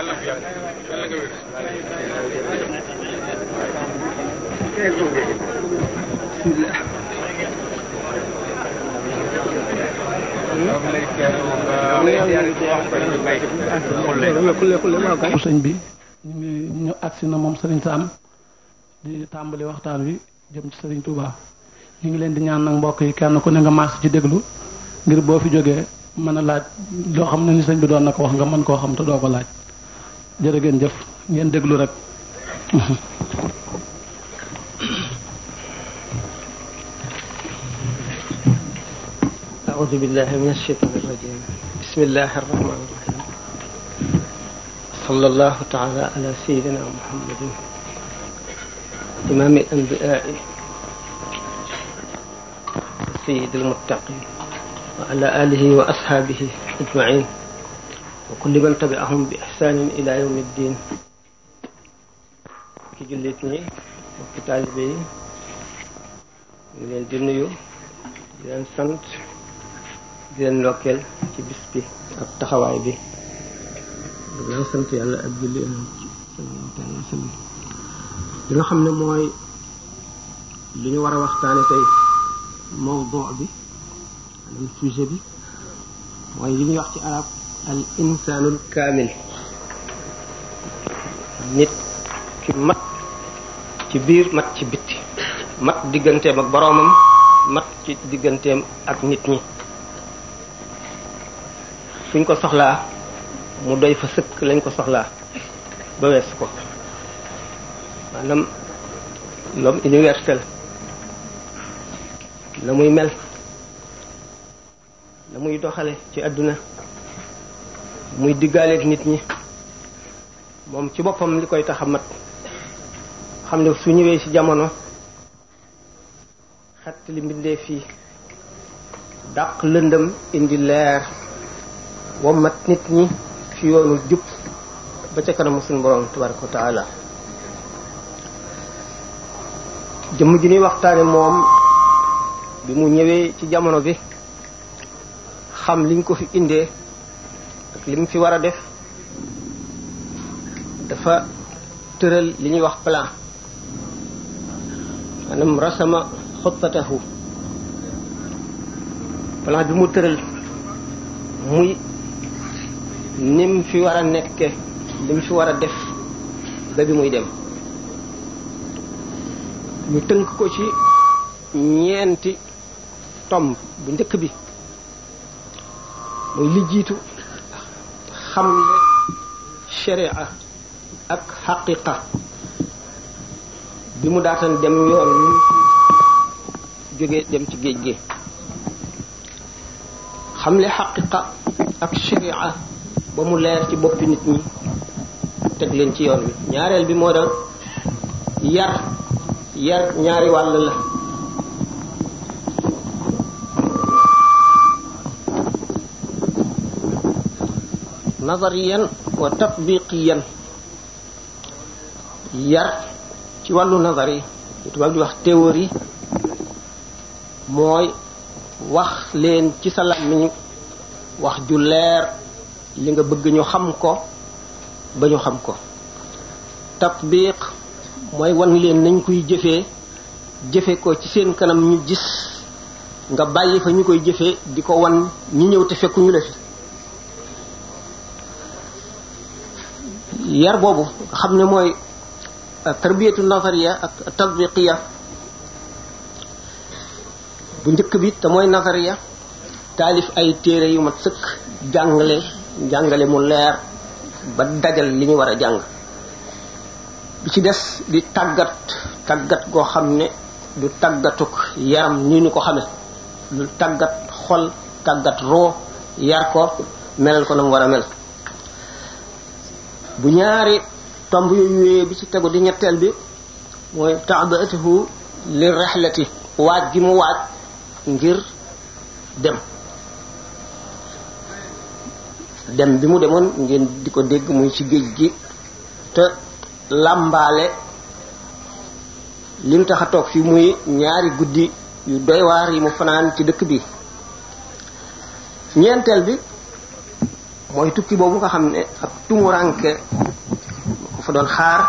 yàlla nga bi ñu agsi na moom sëriñ Sam di tàmbali waxtaan wi jëm ci sëriñ Touba ñu ngi leen di ñaan nag mbokk yi kenn ku ne nga maas ci déglu ngir boo fi jógee mën a laaj loo xam ne ni sëñ bi doon na wax nga mën koo xam te doo ko laaj jërë ngeen jëf ngeen déglu rek. أعوذ بالله من الشيطان الرجيم بسم الله الرحمن الرحيم صلى الله تعالى على سيدنا محمد إمام الأنبياء سيد المتقين وعلى آله وأصحابه أجمعين wa kulli man tabi'ahum bi ihsanin ila yawmi ddin ki jullit ñi mbokki taalibe yi ñu leen di nuyu di leen sant di leen ndokkeel ci bis bi ak taxawaay bi dina sant yàlla ak julli li nga xam ne mooy li ñu war a waxtaane tey mawdu bi maanaam sujet bi mooy li ñuy wax ci arab al insaanul kaamil nit ki mat ci biir mat ci bitti mat digganteem ak boroomam mat ci digganteem ak nit ñi suñ ko soxlaa mu doy fa sëkk lañ ko soxlaa ba wees ko maanaam l'homme universel la muy mel la muy doxale ci àdduna muy diggaaleeg nit ñi moom ci boppam li koy tax mat xam ne su ñëwee ci jamono xett li mbindee fii dàq lëndëm indi leer wa mat nit ñi fi yoonu jub ba ca kanamu suñu borom tabaraka wa jëmm ji ñuy waxtaane moom bi mu ñëwee ci jamono bi xam liñ ko fi indee lim li fi war a def dafa tëral li ñuy wax plan maanaam rasama xutatahu plan bi mu tëral muy nim fi war a nekk li mu fi war a def ba bi muy dem ñu tënk ko ci ñeenti tomb bu njëkk bi muy li xamle sharia ak xaqiqa bi mu daatan dem yoon mu jóge dem ci géej gi xam xamle xaqiqa ak sharia ba mu leer ci boppi nit ñi teg leen ci yoon wi ñaareel bi moo doon yar yar ñaari wàll la nazariyan wa tatbiqiyan yar ci wàllu nazar yi tubaab di wax théorie mooy wax leen ci sa làmmiñ wax ju leer li nga bëgg ñu xam ko ba ñu xam ko tatbiq mooy wan leen nañ koy jëfee jëfe ko ci seen kanam ñu gis nga bàyyi fa ñu koy jëfee di ko wan ñi ñëw te fekkuñu la fi yar boobu xam ne mooy euh, tarbiyatu nazariya ak tatbiqiya bu njëkk bi te mooy nazariya taalif ay téere yu mat sëkk jàngale jàngale mu leer ba dajal li ñu war a jàng bi ci des di tàggat tàggat goo xam ne du tàggatuk yaram ni ñu ko xame du tàggat xol tàggat roo yar ko melal ko na mu war a mel bu ñaari tomb yooyu wéyee bi ci tegu di ñetteel bi mooy taabatuhu li rexlati waaj gi mu waaj ngir dem dem bi mu demoon ngeen di ko dégg muy ci géej gi te làmbaale li mu tax a toog fii muy ñaari guddi yu doy waar yi mu fanaan ci dëkk bi ñeenteel bi mooy tukki boobu nga xam ne ak tumuranke ko fa doon xaar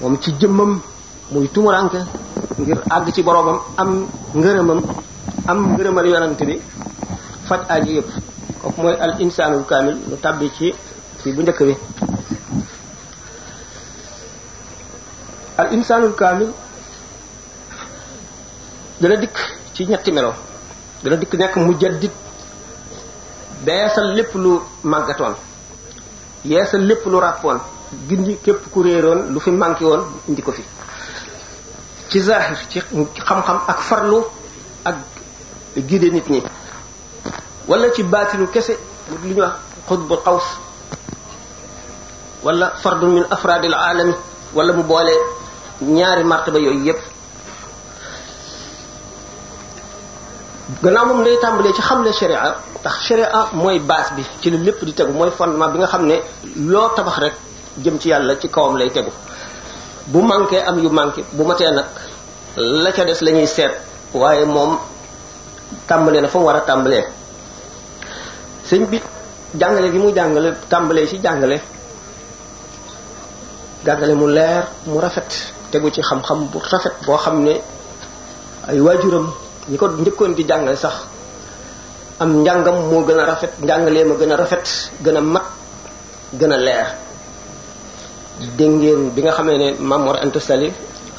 moom ci jëmmam muy tumuranke ngir àgg ci boroomam am ngërëmam am ngërëmal yonante bi faj aji yëpp kooku mooy al insaanul kaamil mu tàbbi ci fii bu njëkk bi al insaanul kaamil dana dikk ci ñetti melo dana dikk nekk mujaddid beesal lépp lu màggatoon yeesal lépp lu ràppoon gindi képp ku réeroon lu fi manqué woon indi ko fi ci zahir ci xam-xam ak farlu ak gide nit ñi wala ci baatinu kese li ñuy wax xutbul xaws wala fardun min afraadil aalami wala mu boole ñaari martaba yooyu yépp gannaaw moom day tàmbalee ci xam ne sharia ndax sharia mooy base bi ci la lépp di tegu mooy fondement bi nga xam ne loo tabax rek jëm ci yàlla ci kawam lay tegu bu manqué am yu manqué bu matee nag la ca des la seet waaye moom tàmbalee na fa mu war a tàmbalee sëñ bi jàngale bi mu jàngale tàmbalee ci jàngale jàngale mu leer mu rafet tegu ci xam-xam bu rafet boo xam ne ay waajuram ñi ko njëkkoon di jàngale sax am njàngam moo gën a rafet njàngalee ma gën a rafet gën a mat gën a leer dégg ngeen bi nga xamee ne Mame Mor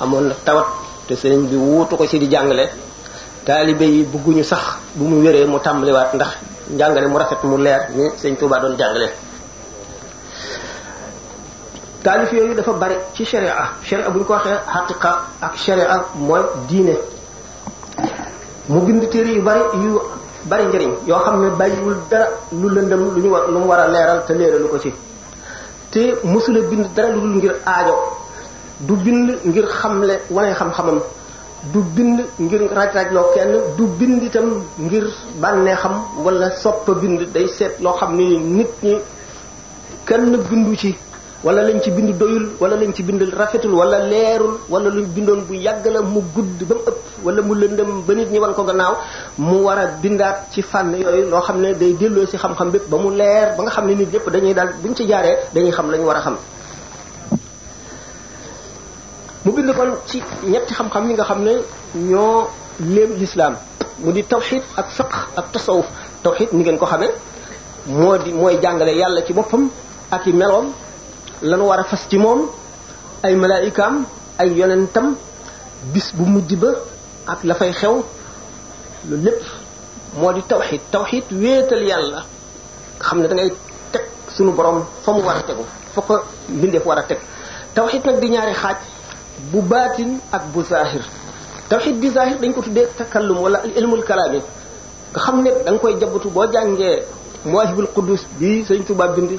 amoon na tawat te sëriñ bi wuutu ko ci di jàngale taalibe yi bëgguñu sax bu mu wéree mu tàmbaliwaat ndax njàngale mu rafet mu leer ni sëñ Touba doon jàngale taalif yooyu dafa bari ci sharia sharia bu ñu ko waxee xaqiqa ak sharia mooy diine mu bind téere yu bari yu bari njëriñ yoo xam ne bàyyiwul dara lu lëndëm lu ñu war lu mu war a leeral te leeralu ko ci te mosula bind dara lu dul ngir aajo du bind ngir xamle wane xam-xamam du bind ngir raj-raj loo kenn du bind itam ngir bànnee xam wala soppa bind day seet loo xam ne nit ñi kenn bindu ci wala lañ ci bind doyul wala lañ ci bind rafetul wala leerul wala luñ bindoon bu yàgg la mu gudd ba mu ëpp wala mu lëndëm ba nit ñi wan ko gannaaw mu war a bindaat ci fànn yooyu loo xam ne day delloo si xam-xam bépp ba mu leer ba nga xam ne nit ñëpp dañuy daal buñ ci jaaree dañuy xam lañ war a xam mu bind kon ci ñetti xam-xam yi nga xam ne ñoo léem lislaam mu di tawxid ak fiqh ak tasawuf tawxid ni ngeen ko xamee moo di mooy jàngale yàlla ci boppam ak i meloom lanu war a fas ci moom ay malaayikaam ay yonentam bis bu mujj ba ak la fay xew loolu lépp moo di tawxid tawxid wéetal yàlla xam ne da ngay teg sunu borom fa mu war a tegu fa ko mbindeef war a teg tawxid nag di ñaari xaaj bu baatin ak bu zahir tawxid bi zahir dañ ko tuddee takallum wala ilmul kalaami nga xam ne da koy jabatu boo jàngee muwaahibul quddus bi sëñ Tuubaa bind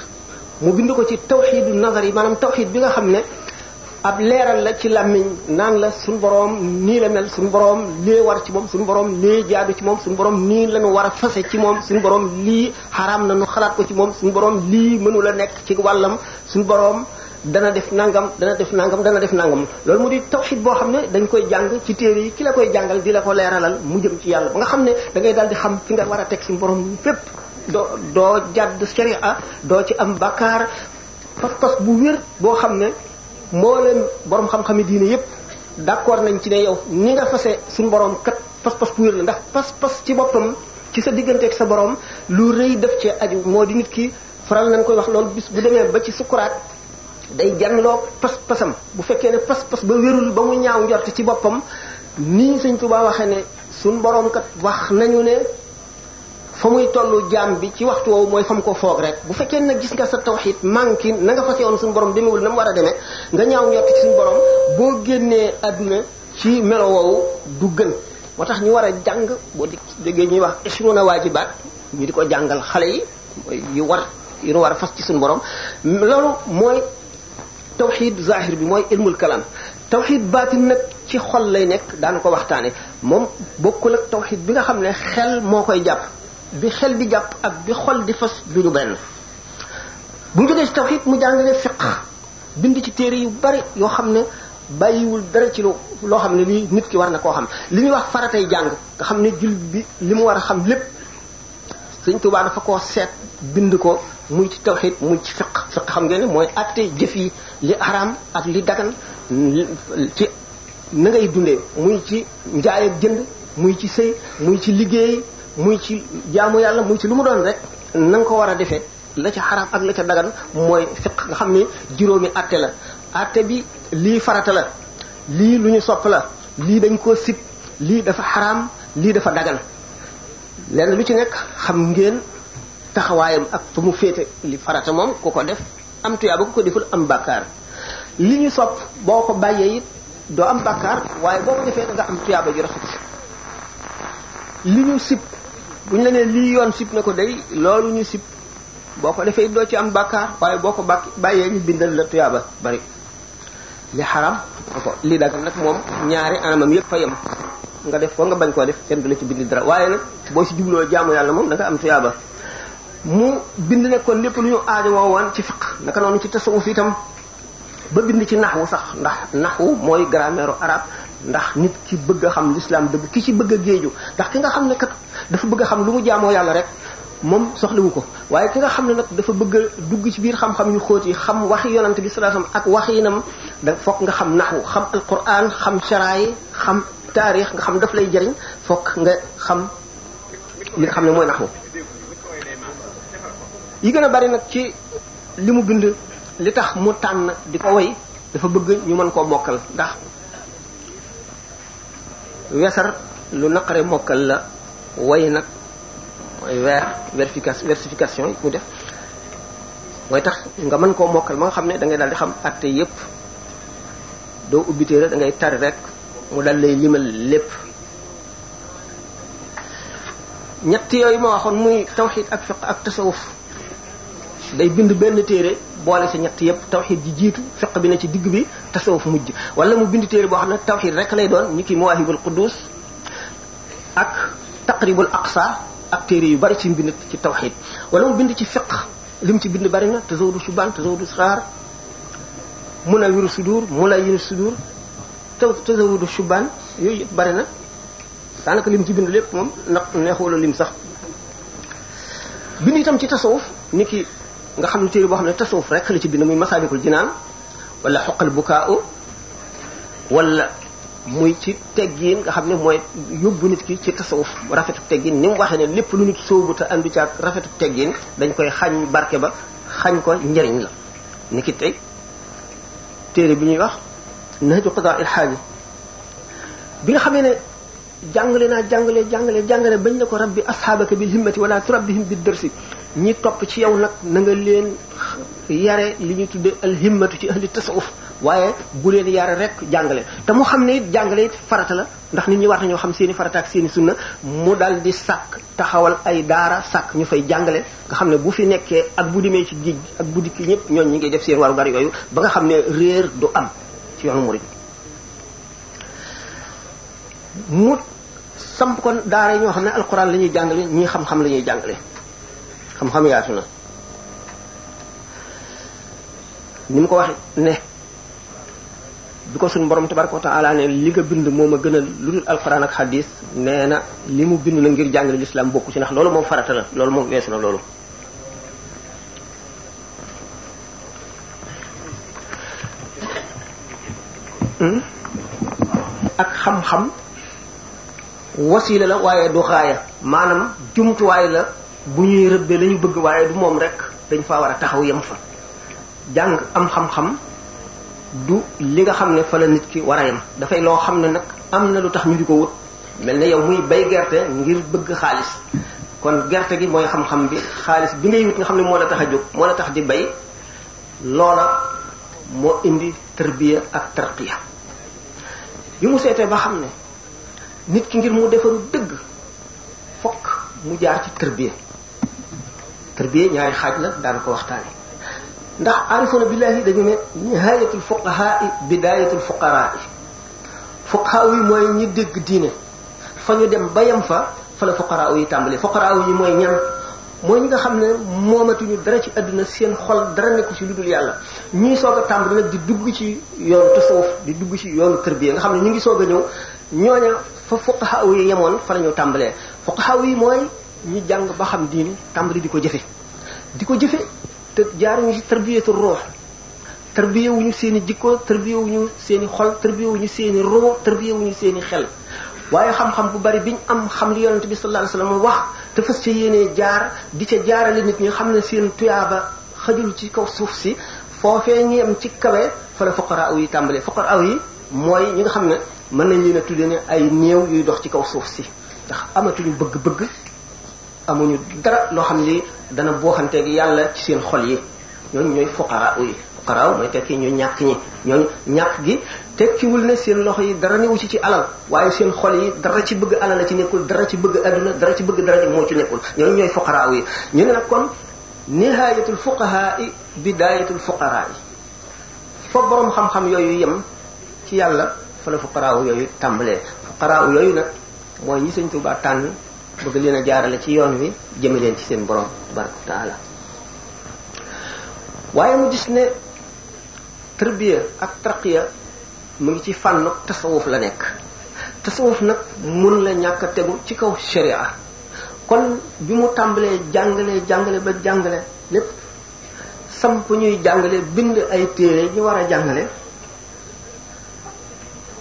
mu bind ko ci tawxiidu nazar yi maanaam tawxiid bi nga xam ne ab leeral la ci làmmiñ naan la suñu boroom nii la mel suñu boroom lee war ci moom suñu boroom lee jaadu ci moom suñu boroom nii lañu war a fase ci moom suñu boroom lii xaraam na nu xalaat ko ci moom suñu boroom lii mënu la nekk ci wàllam suñu boroom dana def nangam dana def nangam dana def nangam loolu mu di tawxid boo xam ne dañ koy jàng ci téere yi ki la koy jàngal di la ko leeralal mu jëm ci yàlla bu nga xam ne da ngay daal di xam fi nga war a teg suñu boroom fépp doo doo jàdd sharia doo ci am bakkaar pas-pas bu wér boo xam ne moo leen borom xam-xami diine yépp d'accord nañ ci ne yow ni nga fase suñu borom kat pas-pas bu wér la ndax pas-pas ci boppam ci sa digganteeg sa borom lu rëy def ci aju moo di nit ki faral nañ koy wax loolu bis bu demee ba ci sukuraat day janloo pas-pasam bu fekkee ne pas-pas ba wérul ba mu ñaaw njort ci boppam nii sëñ Tuubaa waxee ne suñ borom kat wax nañu ne fa muy tollu jaam bi ci waxtu woowu mooy fa ko foog rek bu fekkee nag gis nga sa tawxid manqué na nga fas yoon suñu borom demewul na mu war a demee nga ñaaw njort ci suñu borom boo génnee àdduna ci melo woowu du gën moo tax ñu war a jàng boo déggee ñuy wax ishruna waajibaat ñu di ko jàngal xale yi yu war yu war a fas ci suñu borom loolu mooy tawxid zahir bi mooy ilmul kalam tawxid baatin nag ci xol lay nekk daanu ko waxtaane moom bokkul ak tawxid bi nga xam ne xel moo koy jàpp bi xel bi jàpp ak bi xol di fas bi ñu benn bu ñu jógee ci tawxiid mu jàngale fiq bind ci téere yu bari yoo xam ne bàyyiwul dara ci loo xam ne lii nit ki war na koo xam li ñuy wax faratay jàng nga xam ne jul bi li mu war a xam lépp ko Tuubaa dafa koo seet bind ko muy ci tawxiid muy ci fiq fiq xam ngeen ne mooy atte jëf yi li haram ak li dagan ci na dundee muy ci njaay ak jënd muy ci sëy muy ci liggéey muy ci jaamu yàlla muy ci lu mu doon rek na ko war a defee la ci xaraam ak la ca dagan mooy fiq nga xam ne juróomi atte la atte bi lii farata la lii lu ñu sopp la lii dañ koo sib lii dafa xaraam lii dafa dagan lenn lu ci nekk xam ngeen taxawaayam ak fu mu féete li farata moom ku ko def am tuyaaba ku ko deful am bàkkaar li ñu sopp boo ko bàyyee it doo am bàkkaar waaye boo ko defee nga am tuyaaba ju rafet li ñu sib bu ñu la nee lii yoon sib na ko day loolu ñu sib boo ko defee doo ci am bàkkaar waaye boo ko bàkk bàyyee ñu bindal la tuyaaba bari li xaram ko li dagan nag moom ñaari anamam yépp fa yem nga def koo nga bañ koo def kenn du la ci bind dara waaye nag boo si jubloo jaamu yàlla moom danga am tuyaaba mu bind ne kon lépp lu ñu aajowoo woon ci fiq naka noonu ci tasawuf itam ba bind ci naxwu sax ndax naxwu mooy grammaire arabe ndax nit ki bëgg a xam l'islam dëgg ki ci bëgg a géeju ndax ki nga xam ne kat dafa bëgg a xam lu mu jaamoo yàlla rek moom soxlawu ko waaye ki nga xam ne nag dafa bëgg dugg ci biir xam-xam yu xóot yi xam waxi yonante bi sallallahu alayhi wasallam ak waxinam da fokk nga xam naxu xam alquran xam sharaay xam taarix nga xam daf lay jëriñ fokk nga xam li nga xam ne mooy naxu yi gën a bari nag ci li mu bind li tax mu tànn di ko woy dafa bëgg ñu mën koo mokkal ndax wesar lu naqare mokkal la way nag mooy ver vérification versification mu def mooy tax nga mën koo mokkal ma nga xam ne da ngay daal di xam atte yépp doo ubbi téere da ngay tari rek mu dal lay limal lépp ñett yooyu ma waxoon muy tawxid ak fiq ak tasawuf day bind benn téere boole sa ñett yépp tawxid ji jiitu fiq bi ne ci digg bi tasawuf mujj wala mu bind téere boo xam ne tawxid rek lay doon ni ki mawaahibul quddus ak taqribul aqsa ak téere yu bari ci mbind ci tawxid wala mu bind ci fiq li mu ci bind bari na te zawdu subaan te zawdu saxaar munawiru sudur mulayiru sudur te te zawdu subaan yooyu bari na daanaka li mu ci bind lépp moom ndax neexula lim sax bind itam ci tasawuf ni ki nga xam ne téere boo xam ne tasawuf rek la ci bind muy masaabikul jinaan wala xoqal bukaa'u wala muy ci teggin nga xam ne mooy yóbbu nit ki ci tasawuf rafetu teggin ni mu waxee ne lépp lu nit sóobu te andu caag rafetu teggin dañ koy xañ barke ba xañ ko njëriñ la ni ki tey téere bi ñuy wax nahju qadaa il xaaji bi nga xamee ne jàngale naa jàngale jàngale jàngale bañ na ko rabbi asxaabaka bi himmati wala trop bi bi dërsi ñi topp ci yow nag na leen yare li ñu tudde al himmatu ci ahli tasawuf waaye bu leen yar rek jàngale te mu xam ne it jàngale it farata la ndax nit ñi war nañoo xam seen i farata ak seen i na mu dal di sàkk taxawal ay daara sàkk ñu fay jàngale nga xam ne bu fi nekkee ak bu demee ci géej ak bu dikki ñëpp ñooñ ñi ngi def seen waru gar ba nga xam ne réer du am ci yoonu murid mu samp kon daara yi ñoo xam ne alxuraan la ñuy jàngale ñii xam-xam la ñuy jàngale xam-xam yaatu na ni mu ko wax ne bi ko suñ borom tabaraka wa taala ne li nga bind moom a gënal lu dul alquran ak xadis nee li mu bind na ngir jàng lislaam bokku ci ndax loolu moom farata la loolu moom weesu na loolu hmm? ak la waaye du xaaya maanaam jumtuwaay la bu ñuy rëbbee lañu bëgg waaye du moom rek dañ faa war a taxaw yem fa jàng am xam-xam du li nga xam ne fa la nit ki war a dafay loo xam ne nag am na lu tax ñu di ko wut mel na yow muy bay gerte ngir bëgg xaalis kon gerte gi mooy xam-xam bi xaalis bi ngay wut nga xam ne moo la tax a jóg moo la tax di bay loola moo indi tarbiya ak tarqiya bi mu seetee ba xam ne nit ki ngir mu defaru dëgg fokk mu jaar ci tarbiya tarbiya ñaari xaaj la daan ko waxtaane ndax arifuna billahi dañu ne nihayatul fuqahaa bidayatul fuqaraa fuqahaa yi mooy ñi dégg diine fa ñu dem bayam fa fa la fuqaraa yi tàmbalee fuqaraa yi mooy ñan mooy ñi nga xam ne moomatuñu dara ci àdduna seen xol dara nekku ci lu yàlla ñuy soog a tàmbali nag di ci yoonu tasawuf di dugg ci yoonu tërbiya nga xam ne ñu ngi soog a ñëw ñooña fa fuqahaa yi yemoon fa la ñu tàmbalee fuqahaa yi mooy ñu jàng ba xam diine tàmbali di ko jëfe di ko jëfe te jaaruñu ci tarbiyatu ruux tarbiye wuñu seen i jikko tarbiye wuñu seen i xol tarbiye wuñu seen i ruux tarbiye wuñu seen i xel waaye xam-xam bu bari biñ am xam li yonente bi sallallahu alayhi wasallam wax te fas ca yéenee jaar di ca jaarale nit ñi xam ne seen tuyaaba xajul ci kaw suuf si foofee ñu am ci kawe fa la fuqaraaw yi tàmbalee fuqaraaw yi mooy ñi nga xam ne mën nañ leen a tuddee ne ay néew yuy dox ci kaw suuf si ndax amatuñu bëgg-bëgg amuñu dara loo xam ni dana booxanteeg yàlla ci seen xol yi ñooñu ñooy fuqara yi fuqara mooy tekki ñu ñàkk ñi ñooñu ñàkk gi tekkiwul ne seen loxo yi dara newu ci ci alal waaye seen xol yi dara ci bëgg alal la ci nekkul dara ci bëgg adduna dara ci bëgg dara moo ci nekkul ñooñu ñooy fuqara yi ñu ne nag kon nihayatul fuqahaa i bidayatul fuqaraa yi fa borom xam yooyu yàlla fa la tàmbalee fuqara yooyu nag mooy ñi sëñ Tuubaa tànn bëgg leen a jaarale ci yoon wi jëme leen ci seen borom tabaraka waaye mu gis ne tërbiya ak tarqiya mu ngi ci fànn tasawuf la nekk tasawuf nag mun la ñàkk tegu ci kaw sharia kon bi mu tàmbalee jàngale jàngale ba jàngale lépp samp ñuy jàngale bind ay téere ñu war a jàngale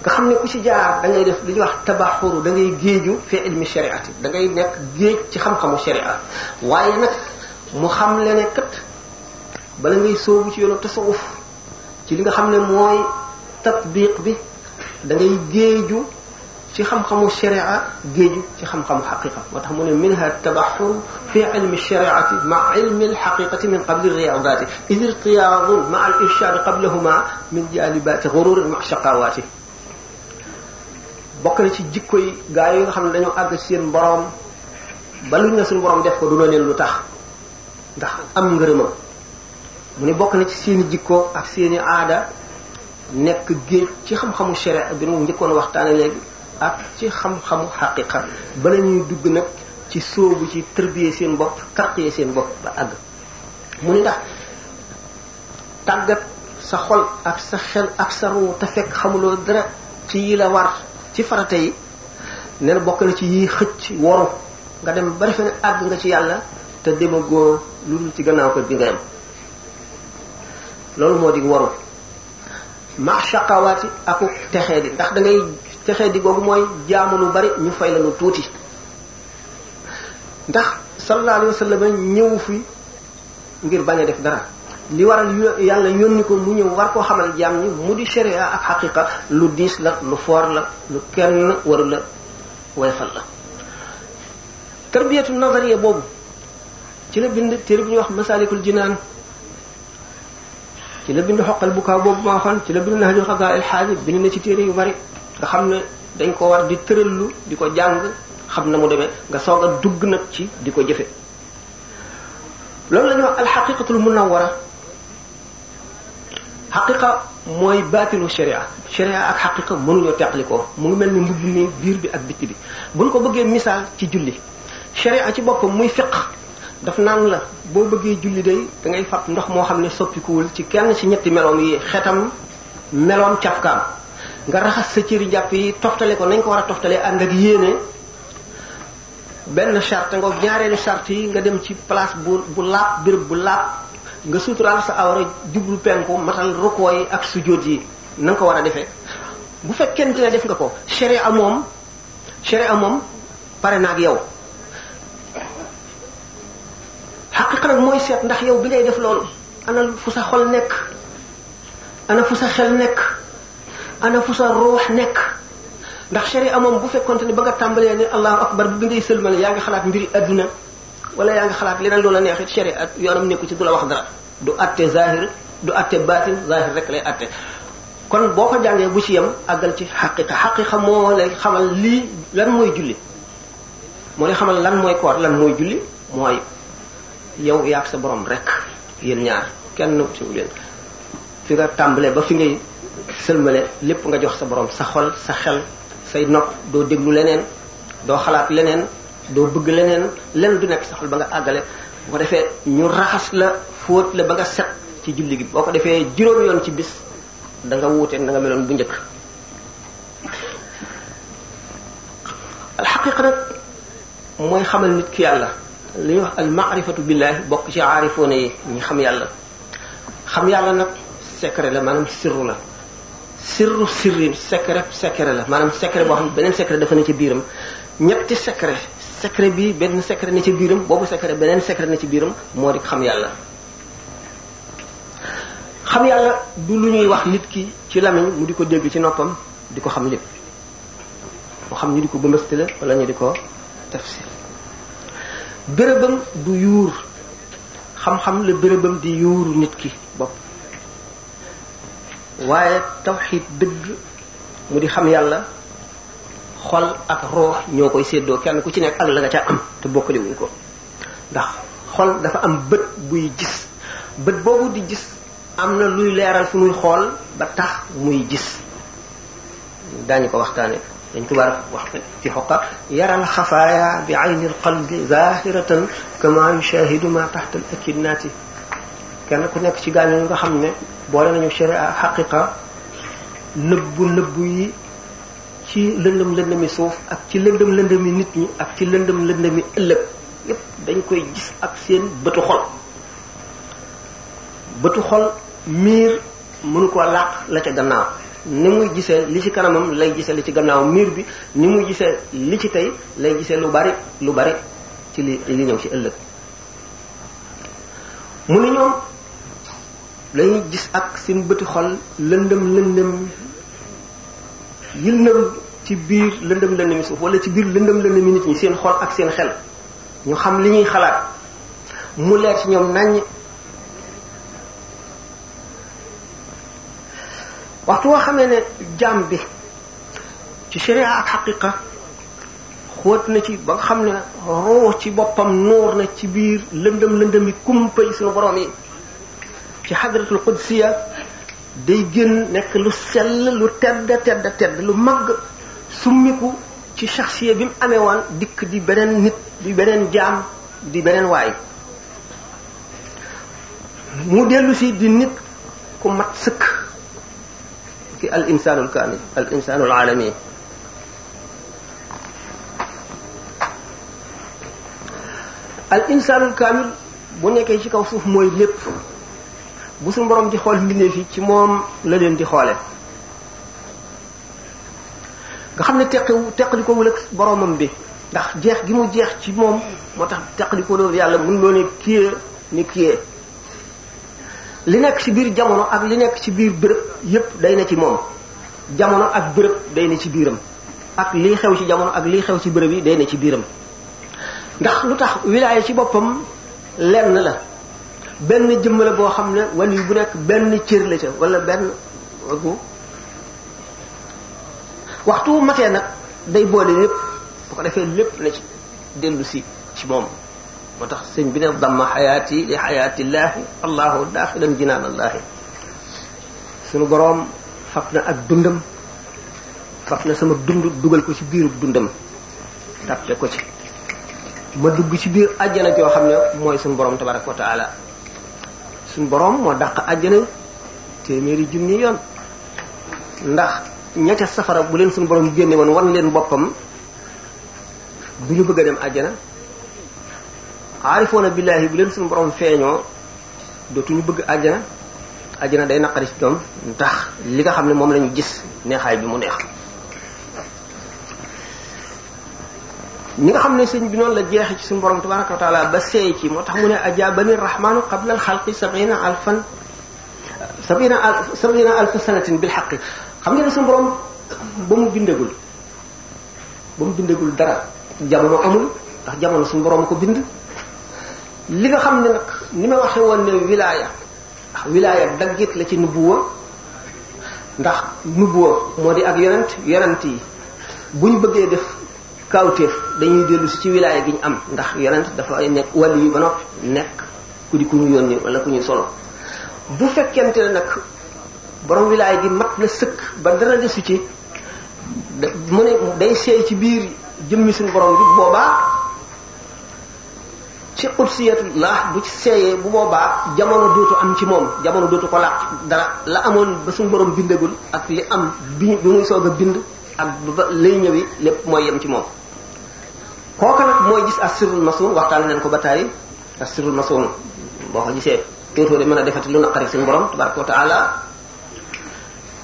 nga xam ne ku ci jaar da ngay def lu ñuy wax tabaxuru da ngay géeju fi ilmi shariati da ngay nekk géej ci xam-xamu sharia waaye nag mu xam le ne kat bala ngay sóobu ci yoonu tasawuf ci li nga xam ne mooy tatbiq bi da ngay géeju ci xam-xamu sharia géeju ci xam xam xaqiqa moo tax mu ne minha tabaxur fi ilmi shariati ma ilmi alxaqiqati min qabli riyaadati id irtiyaadu ma al irshaadi qablahuma min jaalibati gururi ma shaqawaati bokk na ci jikko yi gaa yi nga xam ne dañoo àgg seen boroom ba luñ na suñu boroom def ko du leen lu tax ndax am ngërëmam mu ne bokk na ci seeni jikko ak seeni aada nekk géej ci xam-xamu sharia bi mu njëkkoon waxtaane léegi ak ci xam-xamu xaqiqa bala ñuy dugg nag ci sóobu ci tërbiyee seen bopp kartiyee seen bopp ba àgg mu ne ndax tàggat sa xol ak sa xel ak sa ruu te fekk xamuloo dara ci yi la war ci farata yi nee na ci yi xëcc woru nga dem ba defe ne àgg nga ci yàlla te dema góor lu dul ci gannaaw kër bi nga yem loolu moo di woru ma shaqawaati aku texee di ndax da ngay di googu mooy jaamu lu bari ñu fay la lu tuuti ndax sallallahu alayhi wa sallam ñëwu fi ngir bañ def dara li waral yàlla yónni ko mu ñëw war koo xamal jaam ñi mu di sharia ak xaqiqa lu diis la lu foor la lu kenn waru la woyfal la tarbiyatu nazariya boobu ci la bind téere bu ñuy wax masalikul jinaan ci la bind xoqal bukaa boobu ma waxoon ci la bind nahjul xadaa'il xaaji bind na ci téere yu bari nga xam ne dañ koo war di tërallu di ko jàng xam na mu demee nga soog a dugg nag ci di ko jëfe loolu la ñuy wax alxaqiqatul munawwara xaqiqa mooy baatinu sharia sharia ak xaqiqa mënuñoo teqlikoo mu ngi mel ni mbubb mi biir bi ak bitti bi buñ ko bëggee misaal ci julli sharia ci boppam muy fiq daf naan la boo bëggee julli day da ngay fab ndox moo xam ne soppikuwul ci kenn ci ñetti meloom yi xetam meloom cafkaam nga raxas sa cëri jàpp yi toftale ko nañ ko war a toftale ànd ak yéene benn charte nga ñaareelu charte yi nga dem ci place bu bu laab béréb bu laab nga suturaal sa awra jublu penku matal rukkoo yi ak sujjóot yi na nga ko war a defe bu fekkente ne def nga ko sharia moom sharia moom pare na ak yow xaqiqa nag mooy seet ndax yow bi ngay def lool ana fu sa xol nekk ana fu sa xel nekk ana fu sa ruux nekk ndax sharia moom bu fekkonte ne ba nga tàmbalee ne allahu akbar bi ngay sëlmal yaa ngi xalaat mbiri àdduna wala yaa ngi xalaat leneen loola neexit sharia at yoonam nekku ci du la wax dara du atte zahir du atte baatin zahir rek lay atte kon boo ko jàngee bu ci yam àggal ci xaqiqa xaqiqa moo lay xamal lii lan mooy julli moo lay xamal lan mooy koor lan mooy julli mooy yow yaag sa borom rek yéen ñaar kenn siwu leen fi nga tàmbalee ba fi ngay sëlmale lépp nga jox sa borom sa xol sa xel say nopp doo déglu leneen doo xalaat leneen doo bëgg leneen lenn du nekk saxal ba nga àggale boo ko defee ñu raxas la fóot la ba nga set ci julli gi boo ko defee juróom yoon ci bis danga nga wuute da nga meloon bu njëkk alxaqiqa nag mooy xamal nit ki yàlla li ñuy wax al maarifatu billahi bokk ci aarifoona yi ñi xam yàlla xam yàlla nag secret la maanaam sirru la sirru sirrin secret secret la maanaam secret boo xam beneen secret dafa ne ci biiram ñetti secret secret bi benn secret na ci biiram boobu secret beneen secret na ci biiram moo di xam yàlla xam yàlla du lu ñuy wax nit ki ci lamiñ mu di ko dégg ci noppam di ko xam lépp moo xam ñu di ko bëmbëstale wala ñu di ko tafsir bérébam du yuur xam-xam la bërëbam di yuuru nit ki bopp waaye tawxiid dëgg mu di xam yàlla xol ak ruux ñoo koy séddoo kenn ku ci nekk ak la nga ca am te bokkale wuñ ko ndax xol dafa am bët buy gis bët boobu di gis am na luy leeral fi muy xool ba tax muy gis daañu ko waxtaane dañ ko war a wax ci xoqa yaral xafaaya bi ayni alqalbi zahiratan kama yushahidu ma tax al akidnaati kenn ku nekk ci gaañu nga xam ne boole nañu sharia ak xaqiqa nëbbu nëbbu yi ci lëndëm lëndëmi suuf ak ci lëndëm lëndëmi nit ñi ak ci lëndëm lëndëmi ëllëg yépp dañ koy gis ak seen bëtu xol bëtu xol miir mënu ko làq la ca gannaaw ni muy gise li ci kanamam lay gisee li ci gannaaw miir bi ni muy gisee li ci tey lay gisee lu bari lu bari ci li li ñëw ci ëllëg mu ne ñoom dañuy gis ak seen bëti xol lëndëm lëndëm yil na ci biir lëndëm lëndëmi suuf wala ci biir lëndëm lëndëmi nit ñi seen xol ak seen xel ñu xam li ñuy xalaat mu leer ci ñoom naññ waxtu woo xamee ne jaam bi ci sharia ak xaqiqa xóot na ci ba xam ne roo ci boppam nuur na ci biir lëndëm lëndëm yi kumpa yi suñu borom yi ci xadratul qudsiya day génn nekk lu sell lu tedd tedd tedd lu màgg summiku ci shaxsiya bi mu amee woon dikk di beneen nit di beneen jaam di beneen waay mu dellusi si di nit ku mat sëkk ki al insaanul kaamil al insaanul aalami al insaanul kaamil bu nekkee ci kaw suuf mooy lépp bu suñu borom di xool mbindeef yi ci moom la leen di xoole nga xam ne teqewu ko ak boromam bi ndax jeex gi mu jeex ci moom moo tax teqalikoo loolu yàlla mën loo ne kiyee ni kiyee li nekk ci biir jamono ak li nekk ci biir bërëb yépp day na ci moom jamono ak bërëb day na ci biiram ak lii xew ci jamono ak lii xew ci bërëb yi day na ci biiram ndax lu tax wilaaya ci boppam lenn la benn jëmm la boo xam ne wàll yu bu nekk benn cër la ca wala benn waxtu mate nag day boole lépp bu ko defee lépp na ci dellu si ci moom moo tax sëñ bi dama damma xayaati li xayaatillaahi allahu daaxilan jinaanallaahi sunu boroom fab na ak dundam fab na sama dund dugal ko ci biiru dundam tàppe ko ci ma dugg ci biir àjjana yoo xam ne mooy suñu borom tabaraka wa taala suñu boroom moo dàq àjjana téeméeri junni yoon ndax ña ca safara bu leen suñu borom génne woon wan leen boppam du ñu bëgg a dem ajana aarifoona billaahi bu leen suñu borom feeñoo dootuñu bëgg àjjana àjjana day naqari ci ñoom ndax li nga xam ne moom la gis neexaay bi mu neex nga xam ne sëñ bi noonu la jeexe ci suñu borom tabaraka wa taala ba seey ci moo tax mu ne ajabani rahmanu qabla alxalqi sabina alfan sabina sabina alfa sanatin bilxaqi xam nga ne suñu borom ba mu bindagul ba mu bindagul dara jamono amul ndax jamono suñu borom ko bind li nga xam ne nag ni ma waxee woon ne wilaaya ndax wilaaya daggit la ci nubuwa ndax nubuwa moo di ak yonent yonent yi buñ bëggee def kawteef dañuy dellu ci wilaaya gi ñu am ndax yonent dafa nekk wàll yi ba noppi nekk ku di ku ñu yónni wala ku ñuy solo bu fekkente na nag borom wilaay gi mat na sëkk ba dara desu ci mu ne day seey ci biir jëmmi suñu borom bi boobaa ci la bu ci seeyee bu boobaa jamono dootu am ci moom jamono dootu ko laq dara la amoon ba suñu borom bindagul ak li am bi muy soog a bind ak ba lay ñëwi lépp mooy yem ci moom ko nag mooy gis asirul masoon waxtaan nañ ko ba taay asirul masoon boo ko gisee dootoo de mën a defati lu naqari suñu borom tabaraka wa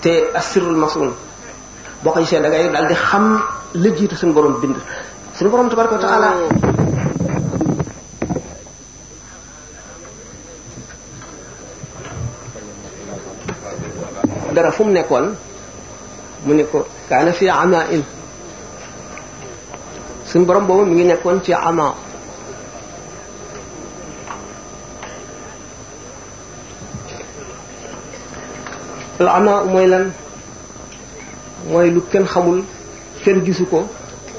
te asirul masun boo ko see da ngay daal di xam la jiitu borom bind suñu borom tabaraka wa taala dara fu mu nekkoon mu ne ko kaana fi ama in suñu borom boobu mu ngi nekkoon ci ama al ama mooy lan mooy lu kenn xamul kenn gisu ko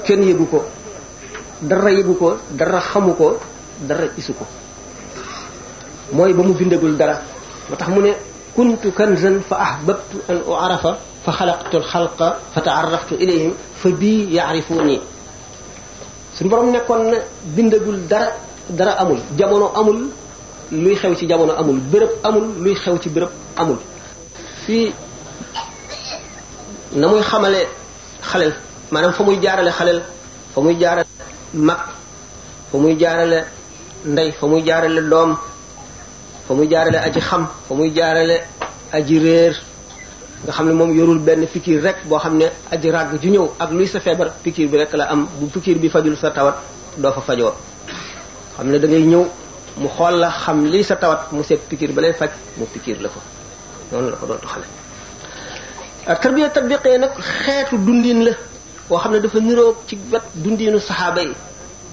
kenn yëgu ko dara yëgu ko dara xamu ko dara gisu ko mooy ba mu bindagul dara moo tax mu ne kuntu kanzan fa ahbabtu an u'rafa fa xalaqtu alxalqa fa taaraftu ilayhim fa bii yaarifuuni suñu borom nekkoon na bindagul dara dara amul jamono amul luy xew ci jamono amul bërëb amul luy xew ci bërëb amul fii na muy xamale xalel maanaam fa muy jaarale xalel fa muy jaarale mag fa muy jaarale ndey fa muy jaarale doom fa muy jaarale aji xam fa muy jaarale aji réer nga xam ne moom yorul benn fikiir rek boo xam ne aji ragg ju ñëw ak luy sa feebar fikir bi rek la am bu fikir bi fajul sa tawat doo fa fajoo xam ne dangay ñëw mu xool la xam lii sa tawat mu seet pikir ba lay faj mu pikir la ko noonu la ko doon doxale euh, tarbiya tatbiqiya nag xeetu dundiin la boo xam ne dafa niroog ci wet dundinu saxaaba yi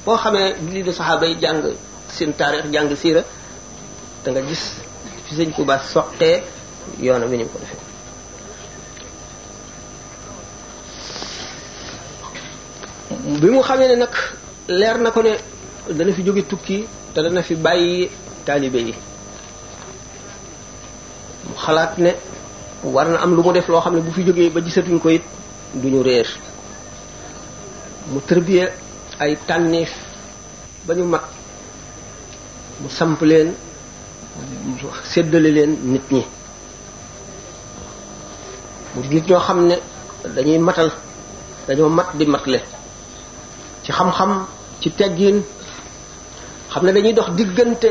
boo xamee dundinu saxaaba yi jàng seen taarix jàng siira da nga gis fi sëñ Tuuba soqee yoona wi ni mu ko defee bi mu xamee ne nag leer na ko ne dana fi jóge tukki te dana fi bàyyi taalibe yi xalaat ne war na am lu mu def loo xam ne bu fi jógee ba gisatuñ ko it duñu réer mu tërbiye ay tànneef ba ñu mag mu samp leen séddale leen nit ñi mu nit ñoo xam ne dañuy matal dañoo mat di matle ci xam-xam ci teggin xam ne dañuy dox diggante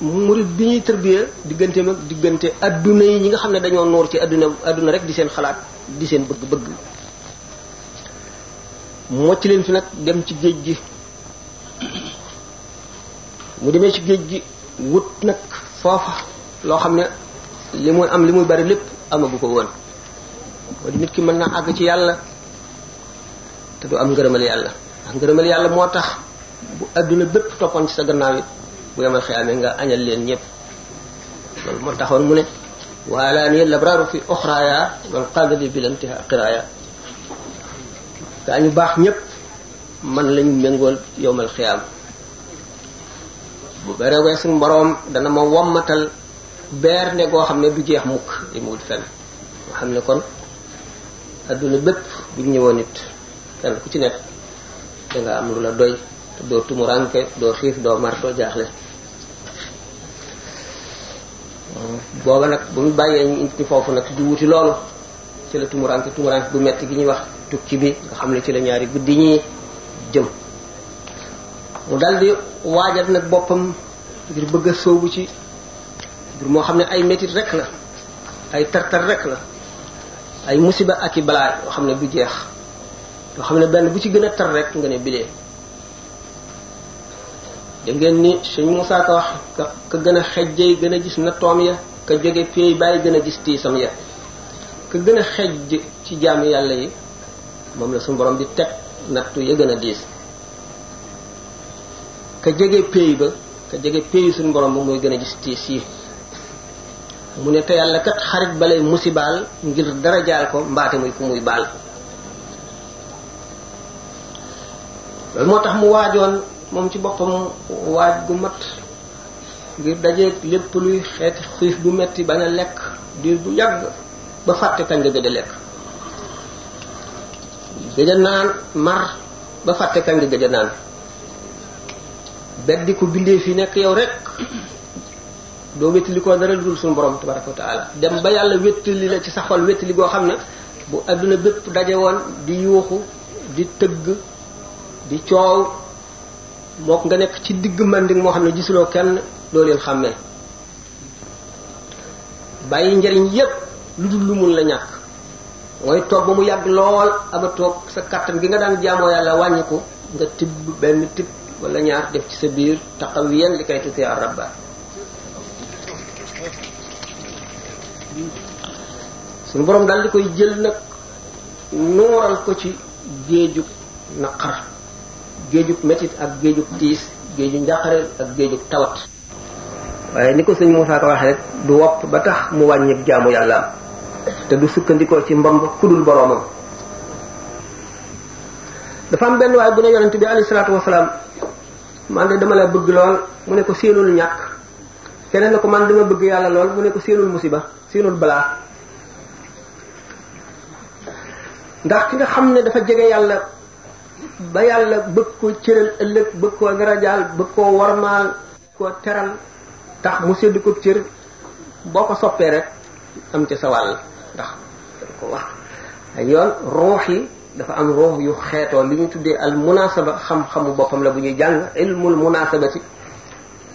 murid bi ñuy tërbiya diggante mag diggante adduna yi ñi nga xam ne dañoo noor ci adduna adduna di seen xalaat di seen bëgg-bëgg mocc leen fi nag dem ci géej gi mu demee ci géej gi wut nag foofa loo xam ne li muy am li muy bari lépp amagu ko woon moo di nit ki mën na àgg ci yàlla te du am ngërëmal yàlla ndax ngërëmal yàlla moo tax bu adduna bépp toppoon ci sa gannaaw bu yemal xiyaamee nga añal leen ñëpp loolu moo taxoon mu ne waalaani labraaru fi oxraaya man qadali bil intiha qiraaya gaa ñu baax ñépp man lañu méngool yowmal xiyaam bu berewee suñu boroom dana ma wommatal beer ne goo xam ne bu jeex mukk li mu wut fenn nga xam ne kon adduna bépp buñ ñëwoon it kenn ku ci nekk danga am lu la doy te doo tumuranke doo xiif doo mar jaaxle booba nag bu ñu bàyyee ñu indi foofu nag di wuti loolu ci la tumuranke tumuranke bu metti gi ñuy wax tukki bi nga xam ne ci la ñaari guddi ñi jëm mu daldi di nag boppam ngir bëgg a sóobu ci ngir moo xam ne ay métit rek la ay tartar rek la ay musiba ak i balaa yoo xam ne bu jeex yoo xam ne benn bu ci gën a tar rek nga ne bilee dégg ngeen ni suñ Musaa ka wax ka ka gën a xejjey gën a gis na toom ya ka jóge pieey bàyyi gën a gis tiisam ya ka gën a xejj ci jaamu yàlla yi moom la su borom di teg nattu ya gën a diis ka jege pay ba ka jege pay suñ mborom ba mooy gën a gis tiis yi mu ne te yàlla kat xarit balay musibaal ngir dara jaal ko mbaate muy ku muy baal loolu moo tax mu waajoon moom ci boppam waaj gu mat ngir dajeeg lépp luy xeeti xiif bu metti bañ lekk diir bu yàgg ba fàtte kañ nga gëj lekk gëj a naan mar ba fàtte kañ nga gëj a naan beddi ko bindee fi nekk yow rek doo wétali koo dara dul suñu borom tabaraka wa dem ba yàlla wétali la ci sa xol wétali goo xam ne bu adduna bépp daje woon di yuuxu di tëgg di coow mook nga nekk ci diggu màndik moo xam ne gisuloo kenn doo leen xàmmee bàyyi njariñ yépp lu dul lu mun la ñàkk mooy toog ba mu yàgg lool ama toog sa kàttan gi nga daan jaamoo yàlla wàññiku nga tibb benn tibb wala ñaar def ci sa biir taxawiyan li kay tuti arabba suñu borom daal di koy jël nag nooral ko ci géeju naqar géejug métit ak géejug tiis géeju njàqare ak géejug tawat waaye ni ko sëñ Moussa ko waxee rek du wopp ba tax mu wàññi jaamu yàlla te du sukkandikoo ci mbamb kudul boroomam dafa am benn waaye bu ne yonent bi alayhi salaatu wasalaam man de dama la bëgg lool mu ne ko séenul ñàkk keneen ne ko man dama bëgg yàlla lool mu ne ko séenul musiba séenul balaa ndax ki nga xam ne dafa jege yàlla ba yàlla bëgg ko cëral ëllëg bëgg koo darajaal bëgg koo warmaal koo teral tax mu sedd ko cër boo ko soppee rek am ci sa wàll ndax dañ ko yoon ruux yi dafa am ruux yu xeetoo li ñu tuddee al munasaba xam-xamu boppam bu ñuy jàng ilmul munasabati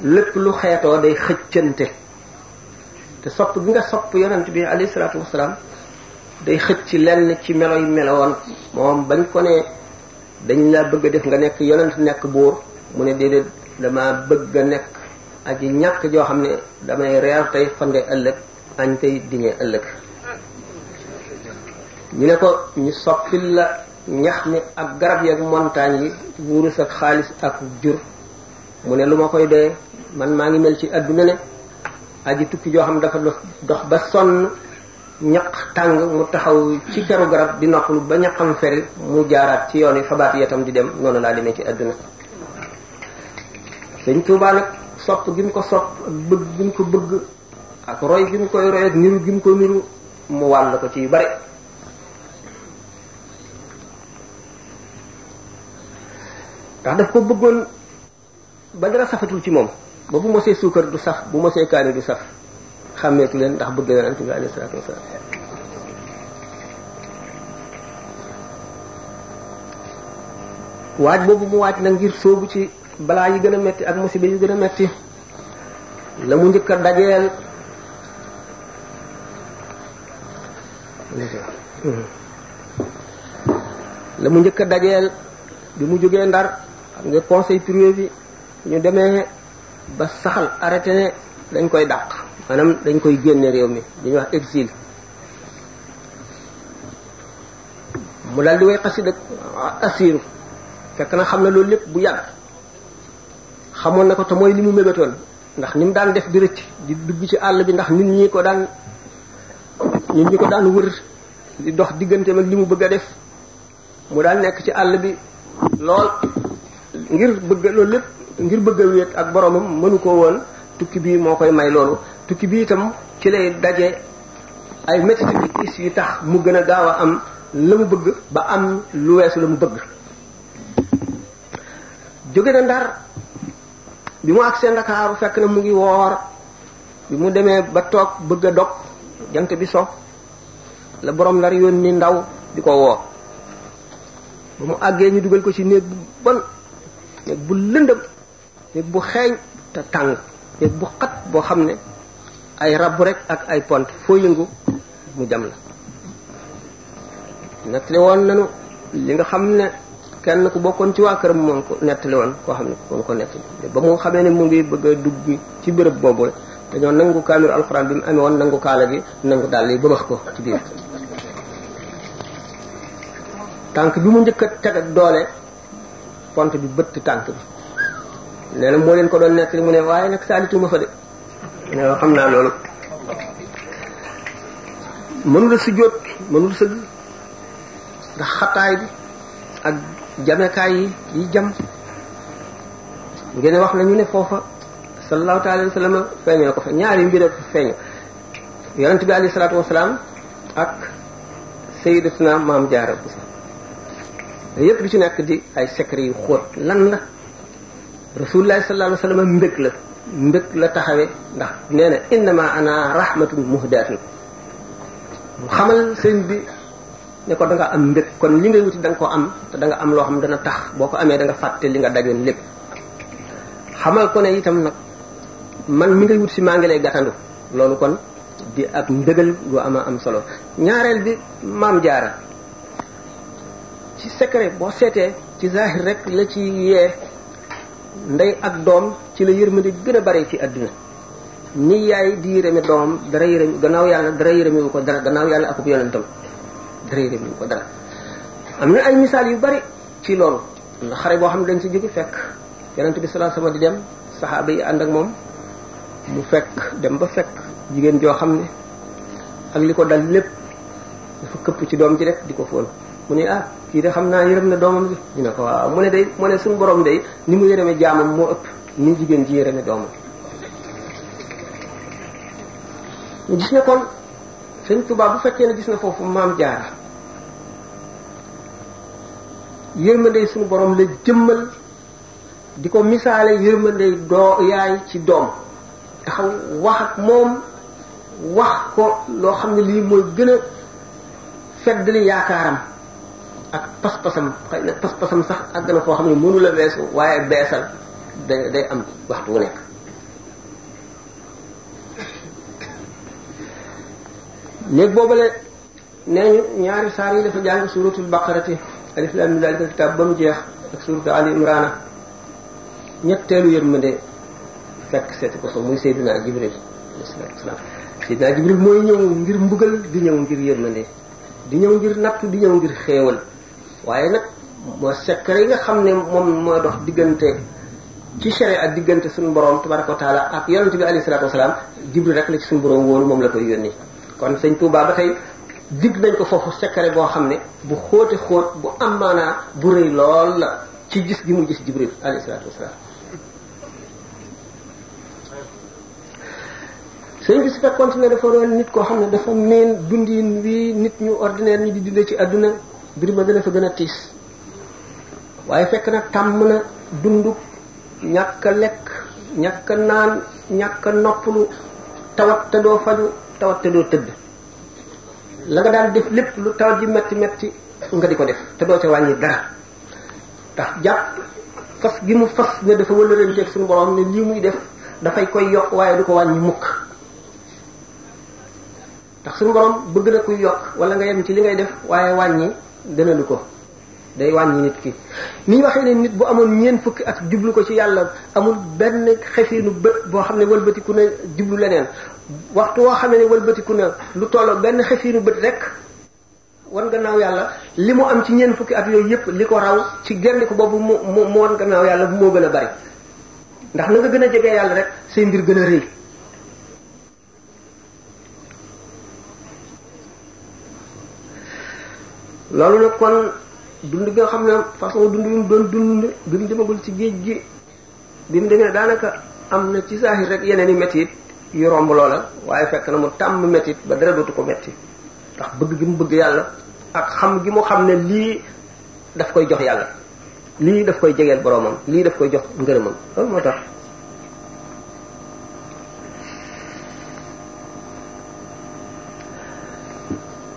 lépp lu xeetoo day xëccante te sopp bi nga sopp yonent bi alayhi salaatu wasalaam day xëcc lenn ci melo yi melowoon moom bañ ko ne dañ la bëgg a def nga nekk yonent nekk buur mu ne déedéet dama bëgg a nekk aji ñàkk joo xam ne damay reer tey fange ëllëg añ tey diñee ëllëg ñu ne ko ñu soppil la ñax mi ak garab yi ak montagne yi wurus ak xaalis ak jur mu ne lu ma koy dee man maa ngi mel ci adduna ne aji tukki joo xam dafa dox ba sonn ñaq tàng mu taxaw ci caru garab di noppalu ba ñaqam feri mu jaaraat ci yoon yi fabaat yatam di dem noonu laa ne ci àdduna sëñ Tuubaa nag sopp gi mu ko sopp ak bëgg gi mu ko bëgg ak roy gi mu koy roy ak niru gi mu ko niru mu wàll ko ci yu bare ndax daf ko bëggoon ba dara safatul ci moom ba bu mosee suukar du saf bu mosee kaani du saf xàmmeeku leen ndax bëgg yonent bi alayhi salaatu wasalaam waaj boobu mu waaj na ngir sóobu ci balaa yi gën a metti ak musiba yu gën a metti la mu njëkk a dajeel la mu njëkk a dajeel bi mu jógee ndar xam nga conseil privé ñu demee ba saxal arrêté ne dañ koy dàq maanaam dañ koy génne réew mi dañuy wax exil mu daal di way xasida ah, asiru fekk na xam na loolu lépp bu yàgg xamoon na ko te mooy li mu mébétoon ndax ni mu daan def di di dugg ci àll bi ndax nit ñi ko daan nit ñi ko daan wër di dox digganteem ak li mu bëgg a def mu daan nekk ci àll bi lool ngir bëgg loolu lépp ngir bëgg a wéet ak boromam mënu ko woon tukki bii moo koy may loolu tukki bi itam ci lay daje ay métti tiis yu tax mu gën a gaaw a am la mu bëgg ba am lu weesu la mu bëgg jóge na ndar bi mu agsee ndakaaru fekk na mu ngi woor bi mu demee ba toog bëgg a dog jant bi so la boroom lar yoon yónni ndaw di ko woo ba mu àggee ñu dugal ko ci néeg bu bon néeg bu lëndëm néeg bu xeeñ te tàng néeg bu xat boo xam ne ay rabbu rek ak ay pont foo yëngu mu jam la nettali woon nanu li nga xam ne kenn ku bokkoon ci waa kër moom ko nettali woon koo xam ne moom ko nettali ba mu xamee ne mu ngi bëgg a dugg ci bërëb boobu dañoo nangu kaamiru alxuraan bi mu amee woon nangu kaala gi nangu dàll yi ba max ko ci biir tànk bi mu njëkk a teg doole pont bi bëtt tànk bi nee moo leen ko doon nettali mu ne waaye nag saalituma fa de waaw xam naa loolu mënula sujjóot mënul sëgg ndax xataay bi ak jamekaay yi yi jam ngeen wax nañu ne foofa sallallahu taala wa sallam feeñe na ko fa ñaari mbir ak feeñu yonent bi alayhi salaatu wasalaam ak sayyidatuna maam jaara bu sax yépp di ci nekk di ay secret yu xóot lan la rasulullahi sallallahu alayhi wa sallam la mbëkk la taxawe ndax nee na innama ana rahmatun muhdatun mu xamal sëñ bi ne ko danga am mbëkk kon li ngay wuti da ko am te danga nga am loo xam dana tax boo ko amee da nga fàtte li nga dajoon lépp xamal ko ne itam nag man mi ngay wut si maa ngi lay gàttandu loolu kon di ak ndëgal gu ama am solo ñaareel bi maam jaara ci secret boo seetee ci zahir rek la ci yee ndey ak doom ci la yërmande gën a bare ci àdduna ni yaay di yërëme doomam dara yërëme gannaaw yàlla dara yërëmewu ko dara gannaaw yàlla akub yonentam dara yërëmewu ko dara am na ay misaal yu bare ci loolu xare boo xam ne dañ si jóge fekk yonent bi sallallahu alayhi wasallam di dem saxaaba yi ànd ak moom mu fekk dem ba fekk jigéen joo xam ne ak li ko dal lépp dafa këpp ci doom ji rek di ko fóon mu ne ah kii de xam naa yërëm na doomam ji dina ko waaw mu ne day mu ne moo ëpp ni jigéen ji yërëme doomam ñu gis ne kon sëñ Tuubaa bu fekkee ne gis na foofu maam jaara yërmandey suñu boroom la jëmmal di ko misaale yërmandey doo yaay ci doom taxaw wax ak moom wax ko loo xam ne lii mooy gën a feddali yaakaaram ak pas-pasam xëy na pas-pasam sax àgg na foo xam ne mënu la waaye beesal day am waxtu wu nekk néeg boobale nee ñu ñaari saar yi dafa jàng suratul baqarati alif lam kitaab ba jeex ak suratu ali imrana ñetteelu yërmande fekk ko fa muy sayduna jibril alayhi salaatu wasalaam sayduna jibril mooy ñëw ngir mbugal di ñëw ngir yërmande di ñëw ngir nattu di ñëw ngir xéewal waaye nag moo sekkare yi nga xam ne moom moo dox diggante ci sharia ak diggante suñu borom tabaraka wa taala ak yonent bi moom la koy yónni kon sëñ Touba ba tey digg nañ ko foofu sekkare boo xam ne bu xóote xóot bu am maanaa bu rëy lool la ci gis gi mu gis Jibril alayhi salaatu wasalaam sëñ dafa doon xam ne dafa miin dundin wi nit ñu ordinaire ñi di dundee ci àdduna mbir ma dana fa gën a tiis waaye fekk na tàmm na dund ñàkk a lekk ñàkk a naan ñàkk noppalu tawat te doo faju tawat te doo tëdd la nga daan def lépp lu tawat ji metti metti nga di ko def te doo ca wàññi dara tax jàpp fas gi mu fas ne dafa wëlëranteeg suñu borom ne lii muy def dafay koy yokk waaye du ko wàññi mukk ndax suñu borom bëgg na kuy yokk wala nga yem ci li ngay def waaye wàññi gënalu ko day wàññi nit ki ni ñu waxee ne nit bu amoon ñeent fukki at jublu ko ci yàlla amul benn xefiinu bët boo xam ne walbatiku na jublu leneen waxtu woo xamee ne walbatiku na lu tolloo benn xefiinu bët rek wan gannaaw yàlla li mu am ci ñeent fukki at yooyu yëpp li ko raw ci gendiku boobu mu mu mu wan gannaaw yàlla bu moo gën a bari ndax na nga gën a jege yàlla rek say mbir gën a rëy loolu nag dund gi nga xam ne façon dund yu mu doon dund bi mu demagul ci géej gi bi mu demee daanaka am na ci saahir rek yeneen i métit yu romb loola waaye fekk na mu tàmm mettit ba dara ko métti ndax bëgg gi mu bëgg yàlla ak xam gi mu xam ne lii daf koy jox yàlla lii daf koy jegeel boroomam lii daf koy jox ngërëmam loolu moo tax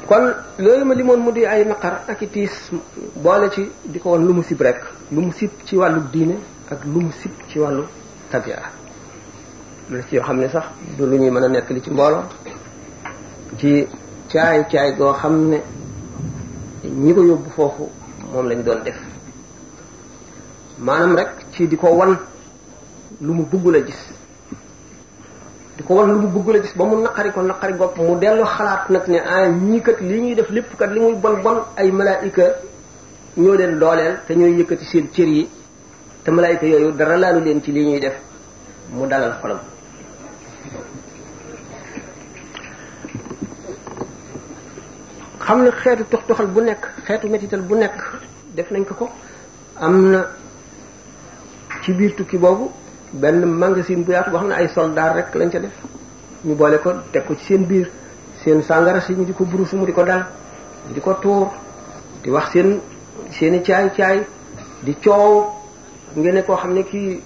kon loolu ma limoon mu di ay naqar ak i tiis boole ci di ko woon lu mu sib rek lu mu sib ci wàllu diine ak lu mu sib ci wàllu tabia lu ci yoo xam ne sax lu ñuy mën a nekk li ci mbooloo ci caay caay goo xam ne ñi ko yóbbu foofu moom lañ doon def maanaam rek ci di ko wan lu mu bugg la gis di ko wan lu mu bëgg la gis ba mu naqari ko naqari gopp mu dellu xalaat nag ne ah ñii kat li ñuy def lépp kat li muy bon bon ay malaayika ñoo leen dooleel te ñooy yëkkati seen cër yi te malaayika yooyu dara laalu leen ci li ñuy def mu dalal xolam. xam na xeetu tox toxal bu nekk xeetu métital bu nekk def nañ ko ko am na ci biir tukki boobu. benn magasin bu yaatu boo xam ne ay soldaar rek lañ ca def ñu boole ko teg ko ci seen biir seen sàngara si ñu di ko burusu mu di ko dal di ko tuur di wax seen seeni caay-caay di coow ngeen ne koo xam ne kii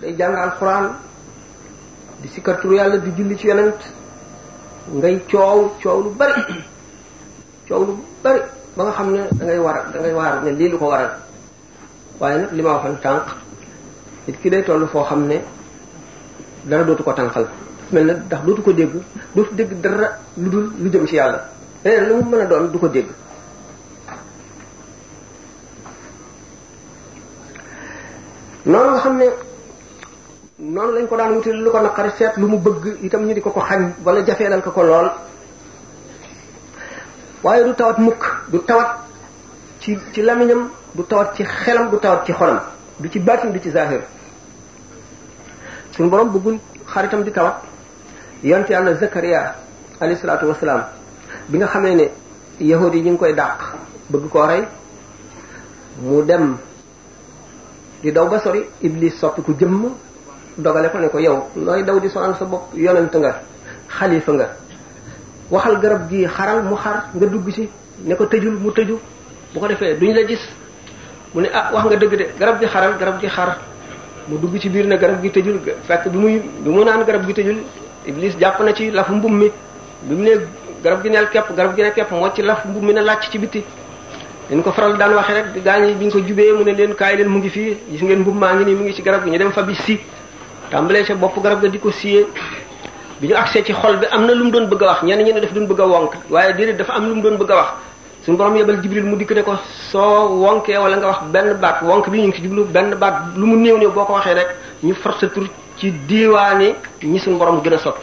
day jàng di sikkar yàlla di julli ci yonent ngay coow coow lu bari coow lu bari ba nga xam ne da ngay war da ngay waar ne lii lu ko waral waaye nag li ma waxoon tànk nit ki day toll foo xam ne dara dootu ko tànqal mel na ndax dootu ko dégg dootu dégg dara lu dul lu jëm ci yàlla leneen lu mu mën a doon du ko dégg noonu xam ne noonu lañ ko daan wuti lu ko naqari seet lu mu bëgg itam ñu di ko ko xañ wala dal ko ko lool waaye du tawat mukk du tawat ci ci lamiñam du tawat ci xelam du tawat ci xolam bi ci baatin bi ci zahir suñu borom bëggul xaritam di tawat yonent yàlla Zakariya alayhi salaatu bi nga xamee ne yahudi yi ñu ngi koy dàq bëgg koo rey mu dem di daw ba sori Iblis soppi ku jëmm dogale ko ne ko yow nooy daw di sonal sa bopp yonent nga xalifa nga waxal garab gi xaral mu xar nga dugg ci ne ko tëjul mu tëju bu ko defee duñ la gis mu ne ah wax nga dëgg de garab gi xaral garab gi xar mu dugg ci biir ne garab gi tëjul fekk bi muy bi mu naan garab gi tëjul iblis jàpp na ci lafu mbum mi mu ne garab gi neel kepp garab gi ne kepp moo ci lafu mbum mi ne làcc ci bitti dañ ko faral daan wax rek gaa ñi bi ñu ko jubee mu ne leen kaay leen mu ngi fii gis ngeen mbum maa ngi nii mu ngi ci garab gi ñu dem fa bi si tàmbalee ca bopp garab ga di ko siyee bi ñu agsee ci xol bi am na lu mu doon bëgg a wax ñenn ñi daf doon bëgg a wonk waaye déedéet dafa am lu mu doon bëgg a wax suñu borom yebal jibril mu dikk ne ko soo wonkee wala nga wax benn baat wonk bi ñu ngi ci jublu benn baat lu mu néew néew waxee rek ñu far sa tur ci diiwaani ñi suñu borom gën a sopp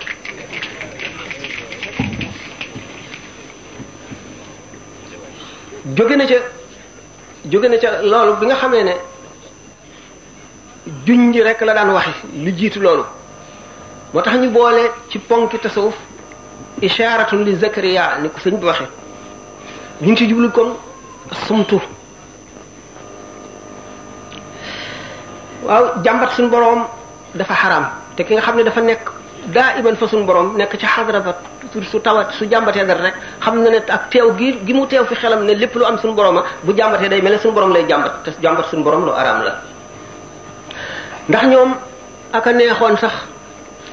jóge na ca jóge na ca loolu bi nga xamee ne juñ ji rek la daan waxe lu jiitu loolu moo tax ñu boole ci ponki tasawuf isharatun li zakariya ni ko sëñ bi waxe li ñu ci jublu kon sumtu waaw jàmbat suñ boroom dafa xaram te ki nga xam ne dafa nekk daa iban fa suñu boroom nekk ci xadra ba su tawat su jàmbatee dara rek xam na ne ak teew gi gi mu teew fi xelam ne lépp lu am suñu borooma bu jàmbatee day mel ne suñu boroom lay jàmbat te jàmbat suñu boroom lu araam la ndax ñoom aka neexoon sax